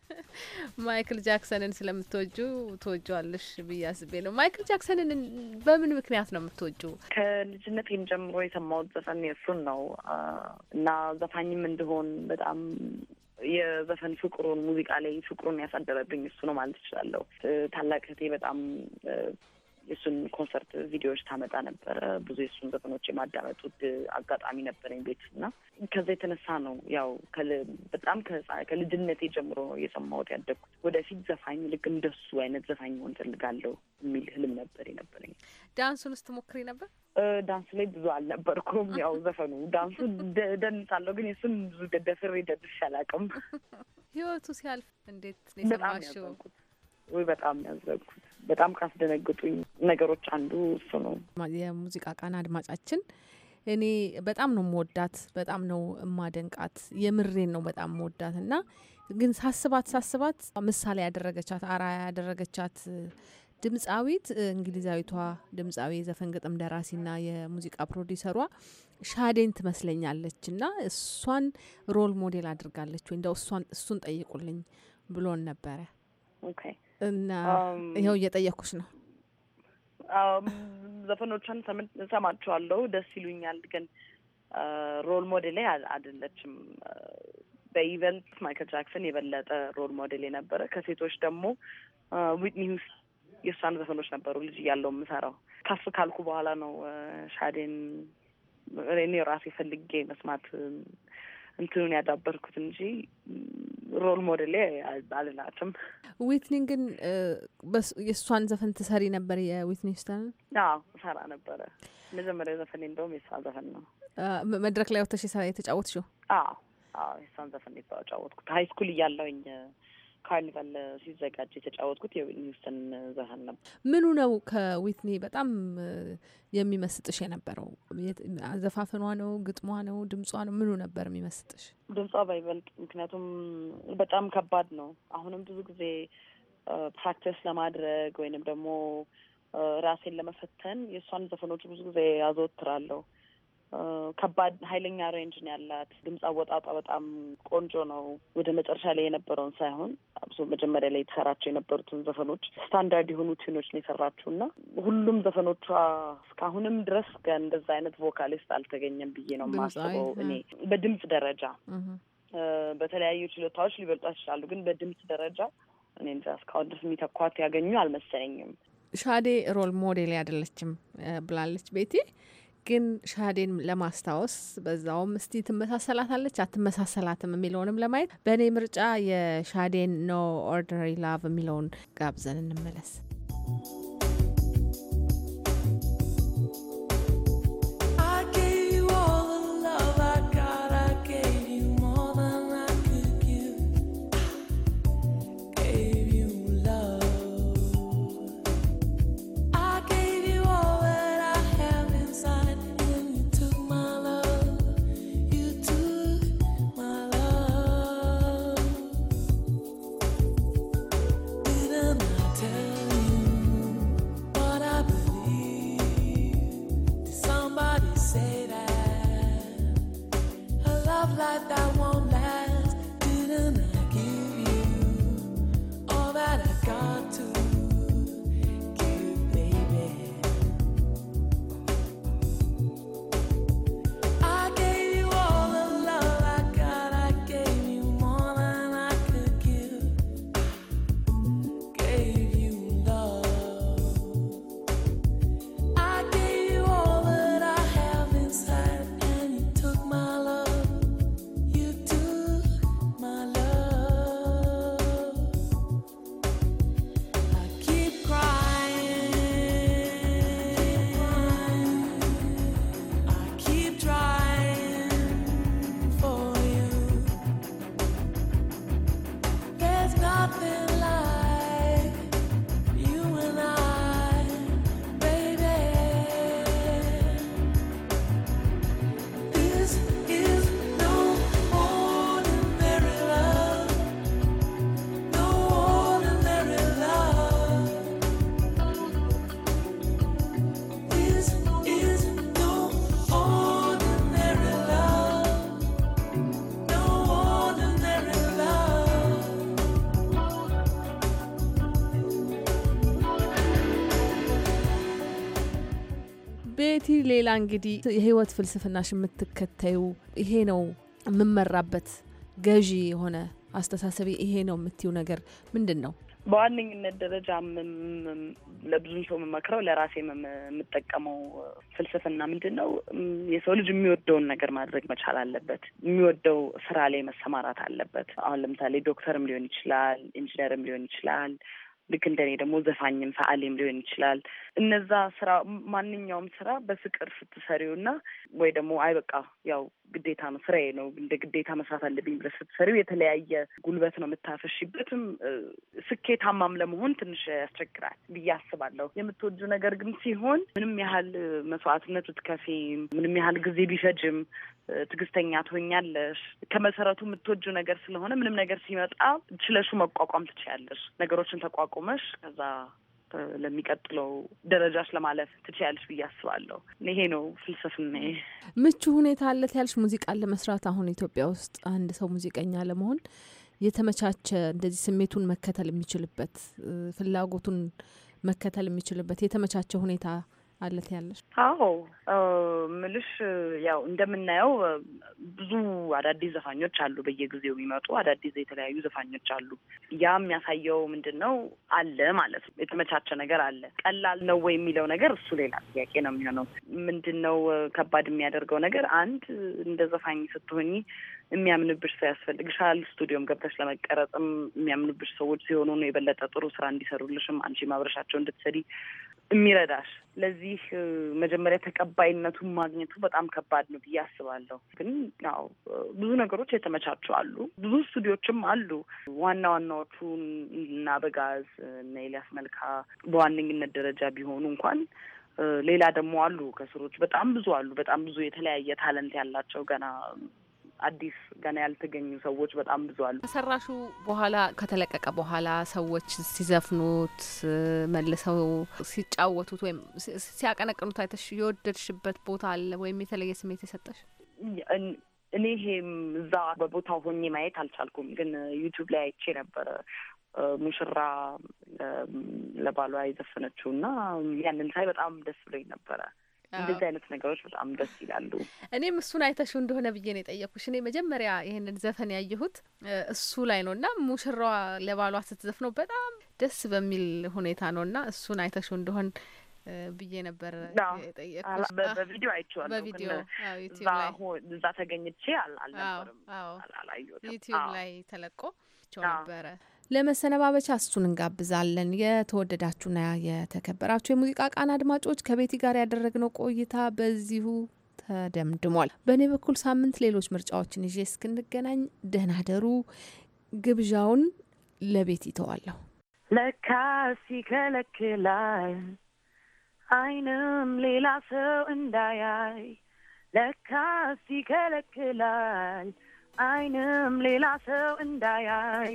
ማይክል ጃክሰንን ስለምትወጁ ትወጇለሽ ብዬ አስቤ ነው። ማይክል ጃክሰንን በምን ምክንያት ነው የምትወጁ? ከልጅነቴም ጀምሮ የሰማሁት ዘፈን የእሱን ነው እና ዘፋኝም እንደሆን በጣም የዘፈን ፍቅሩን ሙዚቃ ላይ ፍቅሩን ያሳደረብኝ እሱ ነው ማለት እችላለሁ። ታላቅ እህቴ በጣም የእሱን ኮንሰርት ቪዲዮዎች ታመጣ ነበረ። ብዙ የእሱን ዘፈኖች የማዳመጡ አጋጣሚ ነበረኝ ቤት እና ከዛ የተነሳ ነው ያው በጣም ከልጅነቴ ጀምሮ ነው እየሰማሁት ያደግኩት። ወደፊት ዘፋኝ ልክ እንደሱ አይነት ዘፋኝ ሆን ፈልጋለሁ የሚል ህልም ነበር የነበረኝ። ዳንሱን ውስጥ ሞክሪ ነበር? ዳንስ ላይ ብዙ አልነበርኩም። ያው ዘፈኑ ዳንሱ ደንሳለሁ፣ ግን የሱን ብዙ ደፍሬ ደግሼ አላውቅም። ህይወቱ ሲያልፍ እንዴት ነው የሰማሽው? ወይ በጣም ያዘንኩት በጣም ካስደነግጡኝ ነገሮች አንዱ እሱ ነው። የሙዚቃ ቃና አድማጫችን እኔ በጣም ነው መወዳት፣ በጣም ነው ማደንቃት የምሬን ነው በጣም መወዳት እና ግን ሳስባት ሳስባት ምሳሌ ያደረገቻት አራያ ያደረገቻት ድምፃዊት እንግሊዛዊቷ ድምፃዊ ዘፈን ግጥም ደራሲና የሙዚቃ ፕሮዲሰሯ ሻዴን ትመስለኛለች እና እሷን ሮል ሞዴል አድርጋለች ወይ እንደው እሷን እሱን ጠይቁልኝ ብሎን ነበረ። እና um, ይኸው እየጠየኩሽ ነው። um, ዘፈኖቿን እሰማቸዋለሁ፣ ደስ ይሉኛል። ግን uh, ሮል ሞዴል አይደለችም። uh, በይበልጥ ማይክል ጃክሰን የበለጠ ሮል ሞዴል የነበረ ከሴቶች ደግሞ uh, ዊትኒ ሂውስ የእሷን ዘፈኖች ነበሩ ልጅ እያለሁ የምሰራው። ከፍ ካልኩ በኋላ ነው ሻዴን እኔ ራሴ ፈልጌ መስማት እንትኑን ያዳበርኩት እንጂ ሮል ሞዴሌ አልናትም። ዊትኒን ግን የእሷን ዘፈን ትሰሪ ነበር? የዊትኒ ሂውስተን ሰራ ነበረ። መጀመሪያ ዘፈን እንደውም የእሷ ዘፈን ነው። መድረክ ላይ ወተሽ የሰራ የተጫወትሽው? አዎ፣ የእሷን ዘፈን የተጫወትኩት ሀይ ስኩል እያለውኝ ካርኒቫል ሲዘጋጅ የተጫወትኩት የዊትኒ ዘፈን ነበር። ምኑ ነው ከዊትኒ በጣም የሚመስጥሽ የነበረው? አዘፋፈኗ ነው? ግጥሟ ነው? ድምጿ ነው? ምኑ ነበር የሚመስጥሽ? ድምጿ በይበልጥ ምክንያቱም በጣም ከባድ ነው። አሁንም ብዙ ጊዜ ፕራክቲስ ለማድረግ ወይንም ደግሞ ራሴን ለመፈተን የእሷን ዘፈኖች ብዙ ጊዜ አዘወትራለሁ። ከባድ ኃይለኛ ሬንጅ ነው ያላት። ድምፅ አወጣጧ በጣም ቆንጆ ነው። ወደ መጨረሻ ላይ የነበረውን ሳይሆን አብሶ መጀመሪያ ላይ የተሰራቸው የነበሩትን ዘፈኖች ስታንዳርድ የሆኑ ቲኖች ነው የሰራችው እና ሁሉም ዘፈኖቿ እስካሁንም ድረስ እንደዛ አይነት ቮካሊስት አልተገኘም ብዬ ነው የማስበው እኔ በድምፅ ደረጃ በተለያዩ ችሎታዎች ሊበልጧት ይችላሉ፣ ግን በድምፅ ደረጃ እኔ እንጃ እስካሁን ድረስ የሚተኳት ያገኙ አልመሰለኝም። ሻዴ ሮል ሞዴል ያደለችም ብላለች ቤቴ ግን ሻዴን ለማስታወስ በዛውም እስቲ ትመሳሰላታለች አትመሳሰላትም የሚለውንም ለማየት በእኔ ምርጫ የሻዴን ኖ ኦርዲነሪ ላቭ የሚለውን ጋብዘን እንመለስ። I ከቲ ሌላ እንግዲህ የህይወት ፍልስፍናሽ የምትከተዩ ይሄ ነው የምመራበት ገዢ የሆነ አስተሳሰብ ይሄ ነው የምትዩ ነገር ምንድን ነው? በዋነኝነት ደረጃ ለብዙ ሰው የምመክረው ለራሴ የምጠቀመው ፍልስፍና ምንድን ነው፣ የሰው ልጅ የሚወደውን ነገር ማድረግ መቻል አለበት። የሚወደው ስራ ላይ መሰማራት አለበት። አሁን ለምሳሌ ዶክተርም ሊሆን ይችላል፣ ኢንጂነርም ሊሆን ይችላል ልክ እንደኔ ደግሞ ዘፋኝም ሰዓሊም ሊሆን ይችላል። እነዛ ስራ ማንኛውም ስራ በፍቅር ስትሰሪው እና ወይ ደግሞ አይ በቃ ያው ግዴታ ነው ስራዬ ነው እንደ ግዴታ መስራት አለብኝ ብለሽ ስትሰሪው የተለያየ ጉልበት ነው የምታፈሽበትም። ስኬታማም ለመሆን ትንሽ ያስቸግራል ብዬ አስባለሁ። የምትወጁ ነገር ግን ሲሆን ምንም ያህል መስዋዕትነት ብትከፊም፣ ምንም ያህል ጊዜ ቢፈጅም ትግስተኛ ትሆኛለሽ። ከመሰረቱ የምትወጁ ነገር ስለሆነ ምንም ነገር ሲመጣ ችለሹ መቋቋም ትችያለሽ። ነገሮችን ተቋቁመሽ ከዛ ለሚቀጥለው ደረጃች ለማለፍ ትችያለሽ ብዬ አስባለሁ። ይሄ ነው ፍልስፍና። ምቹ ሁኔታ አለ ያልሽ ሙዚቃን ለመስራት አሁን ኢትዮጵያ ውስጥ አንድ ሰው ሙዚቀኛ ለመሆን የተመቻቸ እንደዚህ ስሜቱን መከተል የሚችልበት ፍላጎቱን መከተል የሚችልበት የተመቻቸ ሁኔታ አለት ያለሽ? አዎ ምልሽ ያው እንደምናየው ብዙ አዳዲስ ዘፋኞች አሉ፣ በየጊዜው የሚመጡ አዳዲስ የተለያዩ ዘፋኞች አሉ። ያ የሚያሳየው ምንድን ነው አለ ማለት ነው፣ የተመቻቸ ነገር አለ። ቀላል ነው ወይ የሚለው ነገር እሱ ሌላ ጥያቄ ነው የሚሆነው። ምንድን ነው ከባድ የሚያደርገው ነገር አንድ እንደ ዘፋኝ ስትሆኝ የሚያምንብሽ ሰው ያስፈልግሻል። ስቱዲዮም ገብተሽ ለመቀረጽም የሚያምንብሽ ሰዎች ሲሆኑ ነው የበለጠ ጥሩ ስራ እንዲሰሩልሽም አንቺ ማብረሻቸው እንድትሰሪ የሚረዳሽ። ለዚህ መጀመሪያ ተቀባይነቱን ማግኘቱ በጣም ከባድ ነው ብዬ አስባለሁ። ግን ያው ብዙ ነገሮች የተመቻቹ አሉ፣ ብዙ ስቱዲዮችም አሉ። ዋና ዋናዎቹ እና በጋዝ እነ ኤልያስ መልካ በዋነኝነት ደረጃ ቢሆኑ እንኳን ሌላ ደግሞ አሉ ከስሮች በጣም ብዙ አሉ። በጣም ብዙ የተለያየ ታለንት ያላቸው ገና አዲስ ገና ያልተገኙ ሰዎች በጣም ብዙ አሉ። ከሰራሹ በኋላ ከተለቀቀ በኋላ ሰዎች ሲዘፍኑት መልሰው ሲጫወቱት ወይም ሲያቀነቅኑት አይተሽ የወደድሽበት ቦታ አለ ወይም የተለየ ስሜት የሰጠሽ? እኔ ይሄም እዛ በቦታ ሆኜ ማየት አልቻልኩም፣ ግን ዩቱብ ላይ አይቼ ነበረ ሙሽራ ለባሏ የዘፈነችው እና ያንን ሳይ በጣም ደስ ብሎኝ ነበረ። እንደዚህ አይነት ነገሮች በጣም ደስ ይላሉ። እኔም እሱን አይተሽው እንደሆነ ብዬ ነው የጠየቅኩሽ። እኔ መጀመሪያ ይህንን ዘፈን ያየሁት እሱ ላይ ነው እና ሙሽራዋ ለባሏ ስትዘፍነው በጣም ደስ በሚል ሁኔታ ነው እና እሱን አይተሽው እንደሆን ብዬ ነበር የጠየቅኩሽ። በቪዲዮ አይቼዋለሁ። በቪዲዮ እዛ ተገኝቼ አልነበርም። ዩቲዩብ ላይ ተለቆ ቸው ነበረ ለመሰነባበቻ እሱን እንጋብዛለን። የተወደዳችሁና የተከበራችሁ የሙዚቃ ቃና አድማጮች ከቤቲ ጋር ያደረግነው ቆይታ በዚሁ ተደምድሟል። በእኔ በኩል ሳምንት ሌሎች ምርጫዎችን ይዤ እስክንገናኝ ደህና ደሩ። ግብዣውን ለቤት ይተዋለሁ። ለካ ሲከለክላይ አይንም ሌላ ሰው እንዳያይ ለካ ሲከለክላይ አይንም ሌላ ሰው እንዳያይ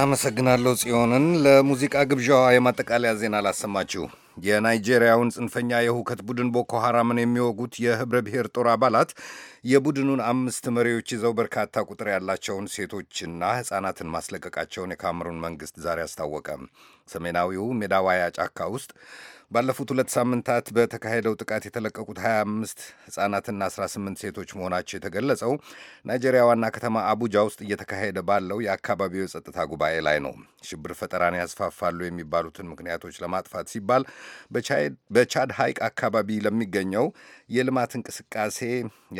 አመሰግናለሁ ጽዮንን። ለሙዚቃ ግብዣዋ የማጠቃለያ ዜና ላሰማችሁ የናይጄሪያውን ጽንፈኛ የሁከት ቡድን ቦኮ ሐራምን የሚወጉት የህብረ ብሔር ጦር አባላት የቡድኑን አምስት መሪዎች ይዘው በርካታ ቁጥር ያላቸውን ሴቶችና ሕፃናትን ማስለቀቃቸውን የካሜሩን መንግሥት ዛሬ አስታወቀ። ሰሜናዊው ሜዳዋያ ጫካ ውስጥ ባለፉት ሁለት ሳምንታት በተካሄደው ጥቃት የተለቀቁት 25 ሕፃናትና 18 ሴቶች መሆናቸው የተገለጸው ናይጄሪያ ዋና ከተማ አቡጃ ውስጥ እየተካሄደ ባለው የአካባቢው የጸጥታ ጉባኤ ላይ ነው። ሽብር ፈጠራን ያስፋፋሉ የሚባሉትን ምክንያቶች ለማጥፋት ሲባል በቻድ ሐይቅ አካባቢ ለሚገኘው የልማት እንቅስቃሴ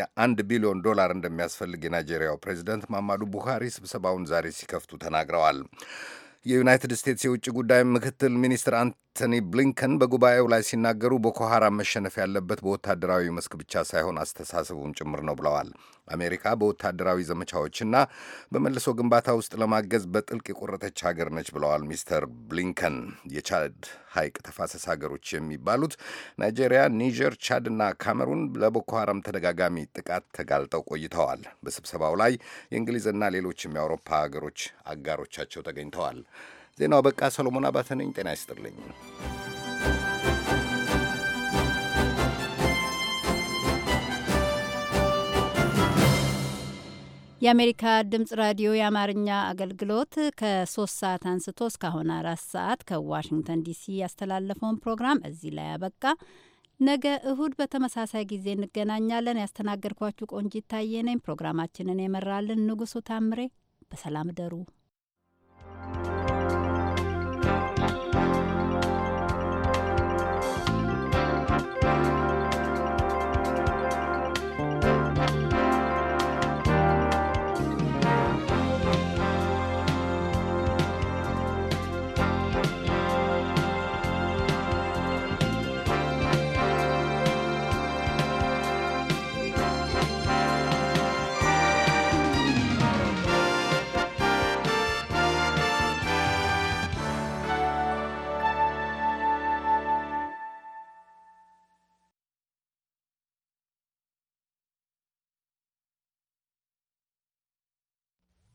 የአንድ ቢሊዮን ዶላር እንደሚያስፈልግ የናይጄሪያው ፕሬዚደንት ማማዱ ቡኻሪ ስብሰባውን ዛሬ ሲከፍቱ ተናግረዋል። የዩናይትድ ስቴትስ የውጭ ጉዳይ ምክትል ሚኒስትር አንቶኒ ብሊንከን በጉባኤው ላይ ሲናገሩ ቦኮ ሐራም መሸነፍ ያለበት በወታደራዊ መስክ ብቻ ሳይሆን አስተሳሰቡም ጭምር ነው ብለዋል። አሜሪካ በወታደራዊ ዘመቻዎችና በመልሶ ግንባታ ውስጥ ለማገዝ በጥልቅ የቆረጠች ሀገር ነች ብለዋል ሚስተር ብሊንከን። የቻድ ሐይቅ ተፋሰስ ሀገሮች የሚባሉት ናይጄሪያ፣ ኒጀር፣ እና ካሜሩን ለቦኮ ሐራም ተደጋጋሚ ጥቃት ተጋልጠው ቆይተዋል። በስብሰባው ላይ የእንግሊዝና ሌሎችም የአውሮፓ ሀገሮች አጋሮቻቸው ተገኝተዋል። ዜናው በቃ። ሰሎሞን አባተ ነኝ። ጤና ይስጥልኝ። የአሜሪካ ድምጽ ራዲዮ የአማርኛ አገልግሎት ከሶስት ሰዓት አንስቶ እስካሁን አራት ሰዓት ከዋሽንግተን ዲሲ ያስተላለፈውን ፕሮግራም እዚህ ላይ አበቃ። ነገ እሁድ በተመሳሳይ ጊዜ እንገናኛለን። ያስተናገድኳችሁ ቆንጂት ታየ ነኝ። ፕሮግራማችንን የመራልን ንጉሱ ታምሬ። በሰላም ደሩ።